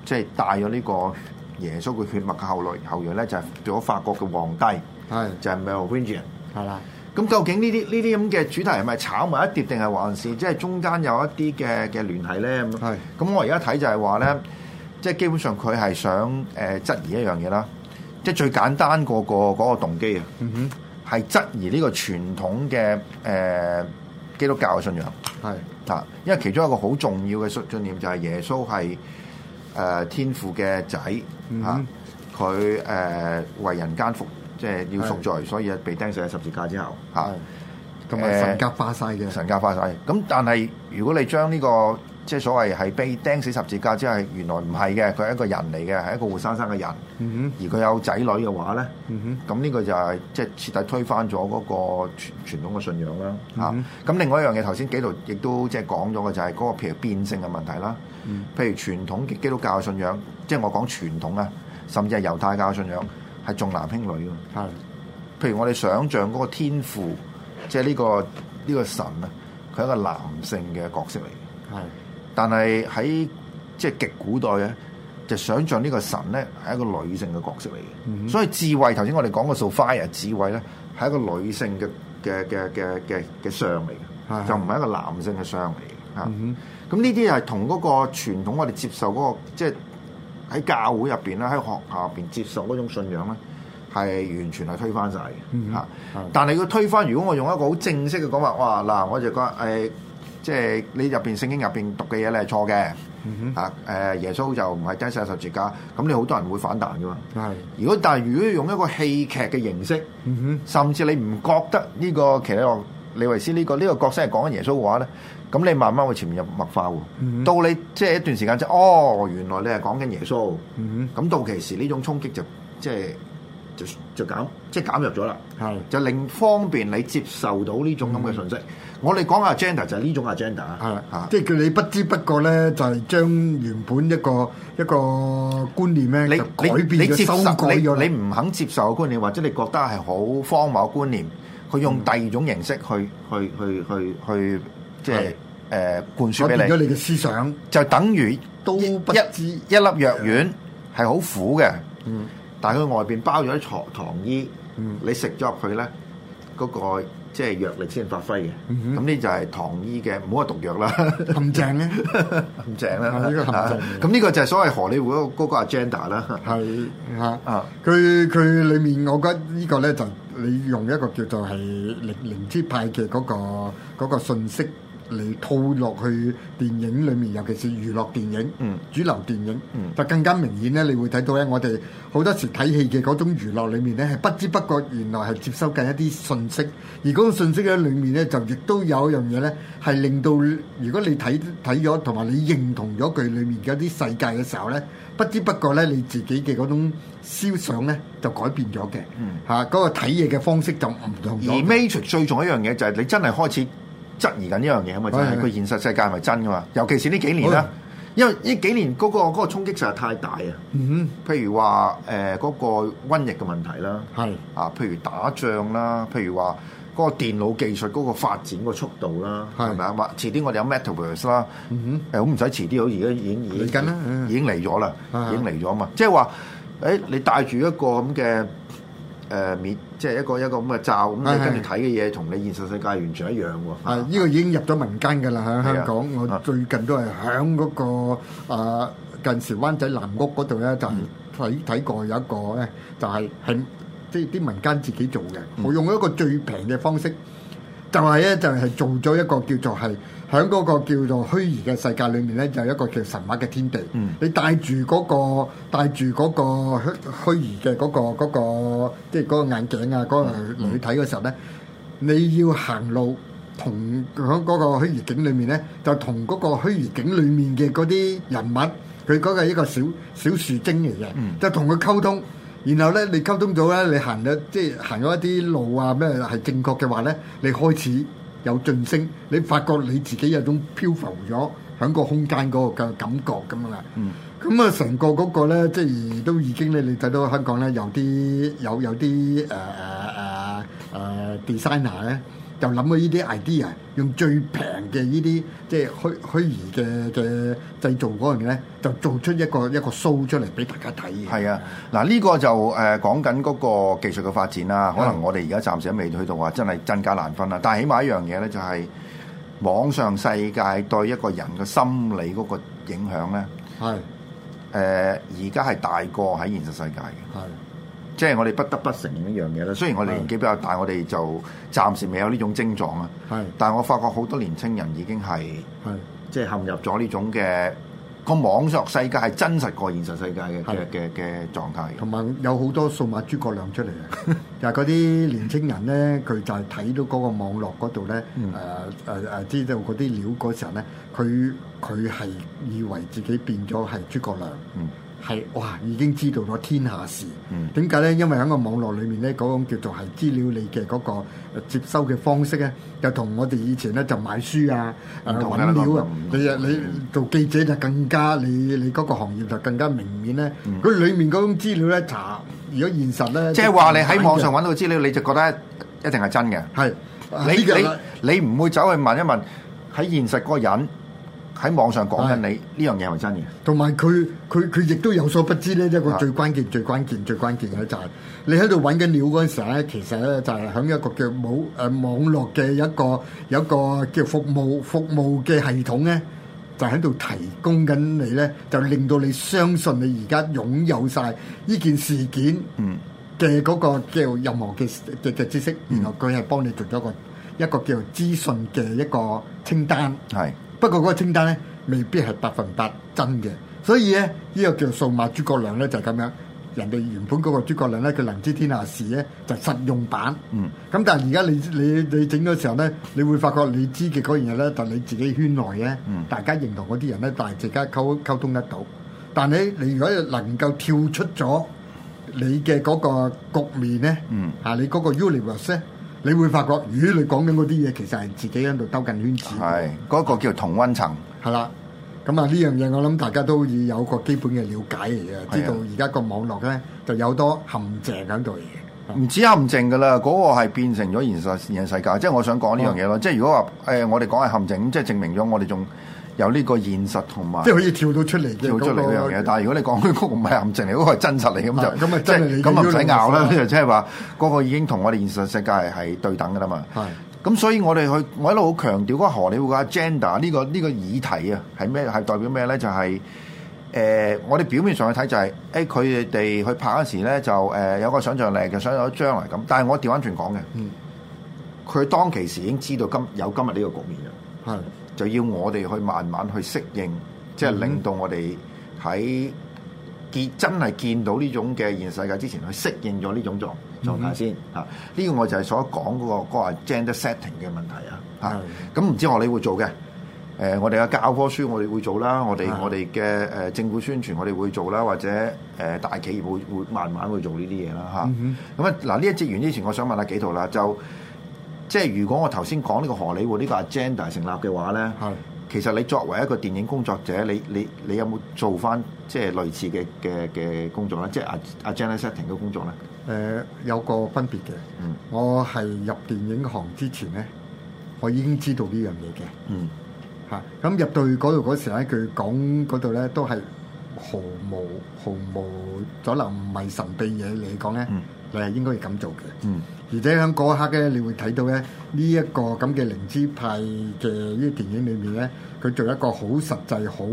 即係帶咗呢個耶穌嘅血脈嘅後裔後裔咧，就係做咗法國嘅皇帝，係就係、是、Merovingian 係啦。 咁究竟呢啲呢啲咁嘅主題係咪炒埋一碟定係還是，還是即係中間有一啲嘅嘅聯繫咧？咁是，咁我而家睇就係話咧，即係基本上佢係想誒、呃、質疑一樣嘢啦，即係最簡單、那個個嗰、那個動機啊，係、嗯、哼質疑呢個傳統嘅誒、呃、基督教嘅信仰係啊，是因為其中一個好重要嘅信信念就係耶穌係誒、呃、天父嘅仔、嗯、哼啊，佢誒、呃、為人間服。即係要贖罪，所以啊被釘死喺十字架之後，嚇，同埋神格化晒嘅，神格化晒，咁但係如果你將呢個即係所謂係被釘死十字架，即係原來唔係嘅，佢係一個人嚟嘅，係一個活生生嘅人。嗯、哼，而佢有仔女嘅話咧，嗯、哼，咁呢個就係即係徹底推翻咗嗰個傳傳統嘅信仰啦。嚇、嗯哼，咁、啊、另外一樣嘢頭先紀陶亦都即係講咗嘅就係嗰個譬如變性嘅問題啦。譬如傳統基督教嘅信仰，即係我講傳統啊，甚至係猶太教嘅信仰。係重男輕女咯，係。譬如我哋想象嗰個天父，即係呢個呢個神啊，佢係一個男性嘅角色嚟嘅。係是的。但係喺即係極古代咧，就想象呢個神咧係一個女性嘅角色嚟嘅。嗯、哼 所以智慧，頭先我哋講過 Sophia 智慧咧，係一個女性嘅嘅嘅嘅嘅嘅相嚟嘅，是的 就唔係一個男性嘅相嚟嘅。嗯咁呢啲係同嗰個傳統我哋接受嗰個即係。就是喺教會入邊咧，喺學校入邊接受嗰種信仰咧，係完全係推翻晒。嘅嚇、mm。Hmm. 但係要推翻，如果我用一個好正式嘅講法，哇嗱，我就講誒、呃，即係你入邊聖經入邊讀嘅嘢你係錯嘅嚇。誒、mm hmm. 啊、耶穌就唔係真實十字架，咁你好多人會反彈噶嘛。係、mm。Hmm. 如果但係如果用一個戲劇嘅形式，mm hmm. 甚至你唔覺得呢、呢個其實我李維斯呢、呢個呢、呢個角色係講緊耶穌嘅話咧？咁你慢慢會潛移默化喎，到你即係一段時間即係哦，原來你係講緊耶穌，咁到其時呢種衝擊就即係就就減即係減弱咗啦，係就令方便你接受到呢種咁嘅信息。我哋講阿 agenda 就係呢種阿 agenda 啊，係啊，即係叫你不知不覺咧就係將原本一個一個觀念咧就改變嘅修改咗，你唔肯接受嘅觀念，或者你覺得係好荒謬嘅觀念，佢用第二種形式去去去去去即係。誒，灌輸俾咗你嘅思想，就等於都一一支一粒藥丸係好苦嘅。嗯，但係佢外邊包咗一床糖衣。嗯，你食咗入去咧，嗰個即係藥力先發揮嘅。咁呢就係糖衣嘅，唔好話毒藥啦。咁正咧，咁正啦。咁呢個就係所謂荷里活嗰個阿 j e n d a 啦。係啊啊！佢佢裏面，我覺得個呢個咧就你用一個叫做係靈靈知派嘅嗰、那個、那個信息。嚟套落去電影裏面，尤其是娛樂電影、嗯、主流電影，嗯、就更加明顯咧。你會睇到咧，我哋好多時睇戲嘅嗰種娛樂裏面咧，係不知不覺原來係接收緊一啲信息。而嗰個信息咧，裏面咧就亦都有一樣嘢咧，係令到如果你睇睇咗同埋你認同咗佢裏面嘅一啲世界嘅時候咧，不知不覺咧你自己嘅嗰種思想咧就改變咗嘅。嚇、嗯，嗰、啊嗰個睇嘢嘅方式就唔同。而 Matrix 最重一樣嘢就係你真係開始。嗯嗯質疑緊呢樣嘢，咁啊即係佢現實世界係咪真噶嘛？尤其是呢幾年啦，哎、因為呢幾年嗰個嗰個衝擊實在太大啊。嗯哼，譬如話誒嗰個瘟疫嘅問題啦，係啊是，譬如打仗啦，譬如話嗰個電腦技術嗰個發展個速度啦，係咪啊？咁遲啲我哋有 metaverse 啦，嗯哼，誒好唔使遲啲，好而家已經已經嚟已經嚟咗啦，已經嚟咗啊嘛，嗯、哼即係話誒你帶住一個咁嘅。誒滅、呃、即係一個一個咁嘅罩咁，係係跟住睇嘅嘢同你現實世界完全一樣喎。呢個已經入咗民間㗎啦！喺香港，我最近都係喺嗰個啊近時灣仔南屋嗰度咧，就係睇睇過有一個咧，就係係即係啲民間自己做嘅，我、嗯、用一個最平嘅方式，就係咧就係做咗一個叫做係。響嗰個叫做虛擬嘅世界裏面咧，就一個叫神話嘅天地。嗯、你帶住嗰個帶住嗰個虛虛擬嘅嗰個嗰個即係個眼鏡啊，嗰個去睇嘅時候咧，你要行路同喺嗰個虛擬境裏面咧，就同嗰個虛擬境裏面嘅嗰啲人物，佢嗰個係一個小小樹精嚟嘅，嗯、就同佢溝通。然後咧，你溝通咗咧，你行咗即係行咗一啲路啊咩係正確嘅話咧，你開始。有晉升，你發覺你自己有種漂浮咗喺個空間嗰個嘅感覺咁樣啦，嗯，咁啊成個嗰個咧，即係都已經咧，你睇到香港咧有啲有有啲誒誒誒誒 designer 咧。又諗到呢啲 idea，用最平嘅呢啲即係虛虛擬嘅嘅製造嗰樣嘢咧，就做出一個一個 show 出嚟俾大家睇嘅。係啊，嗱、這、呢個就誒、呃、講緊嗰個技術嘅發展啦。可能我哋而家暫時都未去到話真係真假難分啦。但係起碼一樣嘢咧就係、是、網上世界對一個人嘅心理嗰個影響咧係誒而家係大過喺現實世界嘅。即係我哋不得不承認一樣嘢啦。雖然我年紀比較大，是我哋就暫時未有呢種症狀啊。係是，但係我發覺好多年青人已經係是，即係陷入咗呢種嘅個網絡世界係真實過現實世界嘅嘅嘅狀態嘅。同埋有好多數碼諸葛亮出嚟啊！ 就係嗰啲年青人咧，佢就係睇到嗰個網絡嗰度咧，誒誒誒，知道嗰啲料嗰陣咧，佢佢係以為自己變咗係諸葛亮。嗯。係哇！已經知道咗天下事，點解咧？因為喺個網絡裏面咧，嗰、那、種、個、叫做係資料你嘅嗰個接收嘅方式咧，又同我哋以前咧就買書啊、搵料啊，料啊你啊你做記者就更加你你嗰個行業就更加明面咧。佢、嗯、裡面嗰種資料咧查，如果現實咧，即係話你喺網上搵到資料，你就覺得一定係真嘅。係，你你你唔會走去問一問喺現實嗰個人。喺網上講緊你呢樣嘢係咪真嘅？同埋佢佢佢亦都有所不知咧，一個最關鍵、最關鍵、最關鍵嘅就係你喺度揾緊料嗰陣時咧，其實咧就係喺一個叫網誒網絡嘅一個有一個叫服務服務嘅系統咧，就喺度提供緊你咧，就令到你相信你而家擁有曬呢件事件嘅嗰個叫任何嘅嘅嘅知識。然後佢係幫你做咗一個一個叫資訊嘅一個清單。係。不過嗰個清單咧，未必係百分百真嘅，所以咧，呢個叫數碼諸葛亮咧就係咁樣。人哋原本嗰個諸葛亮咧，佢能知天下事咧就實用版。嗯。咁但係而家你你你整嗰時候咧，你會發覺你知嘅嗰樣嘢咧，就你自己圈內嘅。嗯。大家認同嗰啲人咧，大即刻溝溝通得到。但係你你如果能夠跳出咗你嘅嗰個局面咧，嗯，係你嗰個 universe。你會發覺，如果你講緊嗰啲嘢，其實係自己喺度兜緊圈子。係，嗰個叫同溫層。係啦，咁啊呢樣嘢，我諗大家都已有個基本嘅了解嚟嘅，知道而家個網絡咧就有好多陷阱喺度，唔止陷阱㗎啦，嗰個係變成咗現實，現實世界，即係我想講呢樣嘢咯。嗯、即係如果話誒，我哋講係陷阱，即係證明咗我哋仲。有呢個現實同埋，即係可以跳到出嚟，跳出嚟嗰樣嘢。但係如果你講佢谷唔係陷阱嚟，嗰個係真實嚟，咁就咁咪真係，咁唔使拗啦。即係話嗰個已經同我哋現實世界係對等㗎啦嘛。咁所以，我哋去我一路好強調嗰個荷里活嘅 agenda 呢個呢個議題啊，係咩係代表咩咧？就係誒，我哋表面上去睇就係誒，佢哋去拍嗰陣時咧就誒有個想象力，就想有將來咁。但係我調翻轉講嘅，佢當其時已經知道今有今日呢個局面嘅。係。就要我哋去慢慢去適應，即係令到我哋喺見真係見到呢種嘅現實世界之前，去適應咗呢種狀狀態先嚇。呢、mm hmm. 啊呢個我就係所講嗰、嗰個嗰、嗰個 gender setting 嘅問題啊嚇。咁唔、mm hmm. 嗯、知我哋會做嘅，誒、呃、我哋嘅教科書我哋會做啦，mm hmm. 我哋我哋嘅誒政府宣傳我哋會做啦，或者誒、呃、大企業會會慢慢去做呢啲嘢啦嚇。咁啊嗱，呢、啊啊、一節完之前，我想問下幾套啦就。即係如果我頭先講呢個荷里活呢、呢個 agenda 成立嘅話咧，是其實你作為一個電影工作者，你你你有冇做翻即係類似嘅嘅嘅工作咧？即係阿阿 Jenna setting 嘅工作咧？誒有個分別嘅，嗯、我係入電影行之前咧，我已經知道呢樣嘢嘅，嚇咁、嗯啊、入到去嗰度嗰時咧，佢講嗰度咧都係毫無毫無可能唔係神秘嘢嚟講咧。係應該要咁做嘅，嗯、而且喺嗰一刻咧，你會睇到咧呢一個咁嘅靈知派嘅呢電影裏面咧，佢做一個好實際、好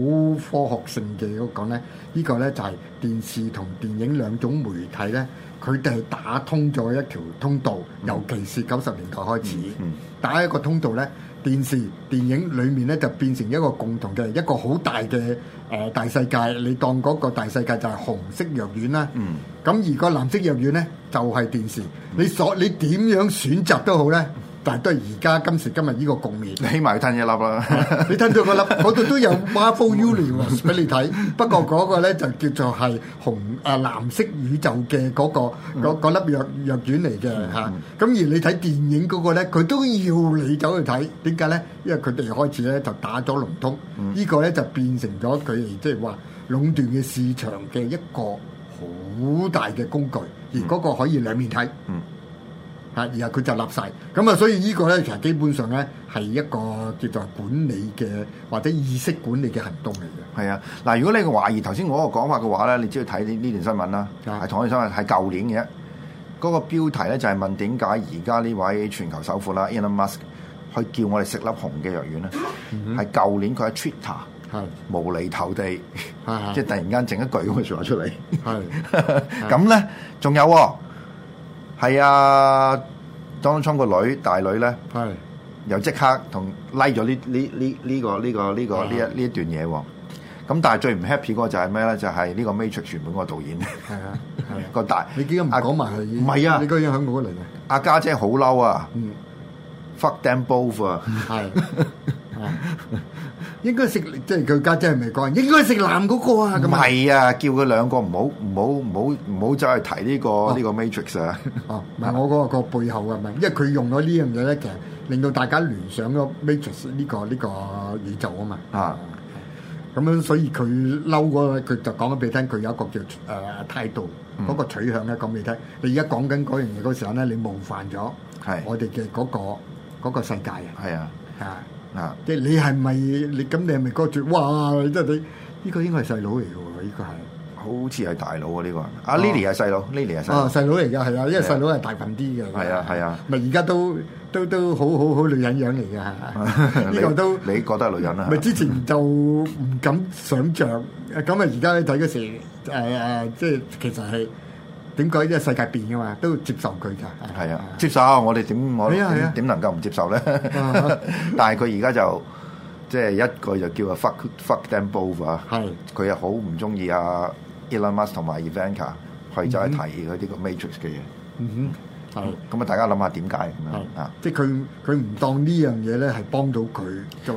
科學性嘅，我講咧，呢個咧就係電視同電影兩種媒體咧，佢哋打通咗一條通道，嗯、尤其是九十年代開始、嗯嗯、打一個通道咧，電視、電影裏面咧就變成一個共同嘅一個好大嘅。誒、呃、大世界，你當嗰個大世界就係紅色藥丸啦。咁、嗯、而個藍色藥丸咧，就係、是、電視。你所你點樣選擇都好咧。嗯。但係都係而家今時今日呢個局面，你起碼要吞一粒啊。 你吞咗個粒，嗰度 都有 Marvel Universe 俾你睇。 不過嗰個咧就叫做係紅啊、呃、藍色宇宙嘅嗰、嗰個粒、嗯嗰個、藥藥丸嚟嘅嚇。咁、啊、而你睇電影嗰個咧，佢都要你走去睇。點解咧？因為佢哋開始咧就打咗籠通，嗯、個呢個咧就變成咗佢哋即係話壟斷嘅市場嘅一個好大嘅工具。而嗰個可以兩面睇、嗯。嚇！然後佢就立晒。咁、嗯、啊，所以個呢個咧，其實基本上咧，係一個叫做管理嘅或者意識管理嘅行動嚟嘅。係啊，嗱，如果你懷疑頭先我個講法嘅話咧，你只要睇呢呢段新聞啦，係、啊同一段新聞，係舊年嘅嗰個標題咧，就係問點解而家呢位全球首富啦 Elon Musk，去叫我哋食粒紅嘅藥丸咧？係舊、嗯嗯、年佢喺 Twitter、啊、無釐頭地，即係、啊、 突然間整一句咁嘅説話說出嚟。係咁咧，仲、啊、 有。係啊，當初個女大女咧，又即刻同拉咗呢呢呢呢個呢個呢個呢一呢一段嘢喎。咁但係最唔 happy 嗰個就係咩咧？就係呢個 matrix 全本嗰個導演。係啊，個大你點解唔講埋佢？唔係啊，你居然響我嚟啊！阿家姐好嬲啊，fuck them both 啊！係。應該食即係佢家姐係咪講？應該食男嗰個啊！咁係啊，叫佢兩個唔好唔好唔好唔好走去提呢個呢個 matrix 啊！唔係我嗰個個背後啊，唔因為佢用咗呢樣嘢咧，其實令到大家聯想咗 matrix 呢個呢個宇宙啊嘛。啊，咁樣所以佢嬲嗰佢就講俾你聽，佢有一個叫誒態度嗰個取向咧，講俾你聽。你而家講緊嗰樣嘢嗰時候咧，你冒犯咗我哋嘅嗰個世界啊！係啊，啊。啊！即係你係咪？你咁你係咪覺住？哇！即係你呢、這個應該係細佬嚟嘅喎？呢、這個係好似係大佬啊？呢個阿 Lily 係細佬，Lily 係細佬嚟噶係啊，因為細佬係大份啲嘅。係啊係啊，咪而家都都都，都好好好女人樣嚟嘅呢個都你，你覺得係女人啊？咪之前就唔敢想象，咁啊而家你睇嗰時誒誒，即、呃、係其實係。點解呢？因為世界變嘅嘛，都接受佢㗎。係啊，接受。我哋點我點能夠唔接受咧？但係佢而家就即係一個就叫啊 fuck fuck them both 啊。係，佢又好唔中意啊 Elon Musk 同埋 Ivanka 去走去提佢呢個 Matrix 嘅嘢。咁啊，大家諗下點解咁樣啊？即係佢佢唔當呢樣嘢咧係幫到佢。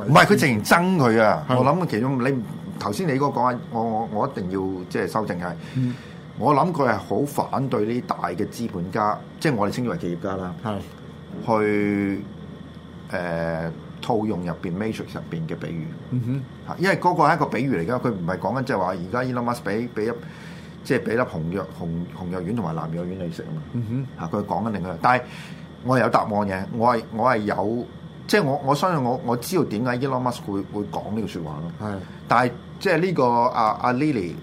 唔係，佢竟然憎佢啊！我諗其中你頭先你嗰個講話，我我我一定要即係修正係。我諗佢係好反對呢啲大嘅資本家，即係我哋稱之為企業家啦。係 Yes. 去誒、呃、套用入邊 matrix 入邊嘅比喻。哼、mm，嚇、hmm.，因為嗰個係一個比喻嚟噶，佢唔係講緊即係話而家 Elon Musk 俾俾一即係俾粒紅藥紅紅藥丸同埋藍藥丸你食啊嘛。哼、mm，嚇，佢講緊另一樣，但係我係有答案嘅，我係我係有，即係我我相信我我知道點解 Elon Musk 會會講呢個説話咯。係 Yes.、這個，但係即係呢個阿阿 Lily。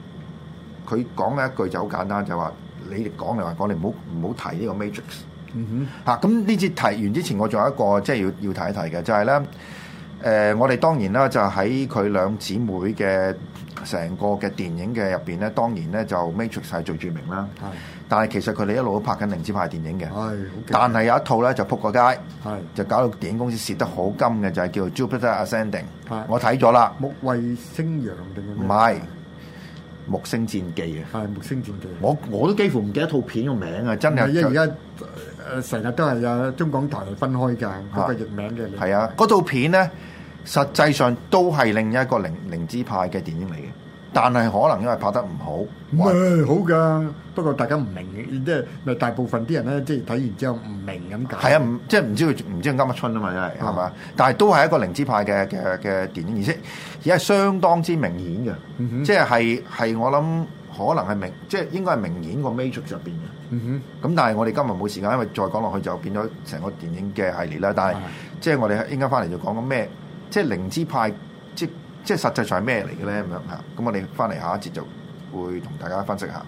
佢講嘅一句就好簡單，就話你哋講嚟話講，你唔好唔好提呢個 matrix。嗯哼，嚇咁呢節提完之前，我仲有一個即係要要提一提嘅，就係咧，誒我哋當然啦，就喺佢兩姊妹嘅成個嘅電影嘅入邊咧，當然咧就 matrix 係最著名啦。係，但係其實佢哋一路都拍緊靈知派電影嘅。係，但係有一套咧就撲個街，係就搞到電影公司蝕得好金嘅，就係叫《Jupiter Ascending》。係，我睇咗啦，木為星陽定唔係？木星戰記啊！係木星戰記。戰記我我都幾乎唔記得套片個名啊！真係因為而家誒成日都係啊中港台分開㗎，係個譯名嘅。係啊，嗰套片咧，實際上都係另一個靈靈知派嘅電影嚟嘅。但係可能因為拍得唔好，唔係、嗯、好噶。不過大家唔明嘅，即係大部分啲人咧，即係睇完之後唔明咁解。係啊，唔即係唔知佢唔知佢啱乜春啊嘛，真係係嘛。但係都係一個靈知派嘅嘅嘅電影，而且而係相當之明顯嘅。嗯、哼 即係係係我諗可能係明，即係應該係明顯個 Matrix 入邊嘅。嗯咁哼 但係我哋今日冇時間，因為再講落去就變咗成個電影嘅系列啦。但係、嗯、哼 即係我哋應該翻嚟就講緊咩？即係靈知派。即係實際上係咩嚟嘅咧？咁樣嚇，咁我哋返嚟下一節就會同大家分析下。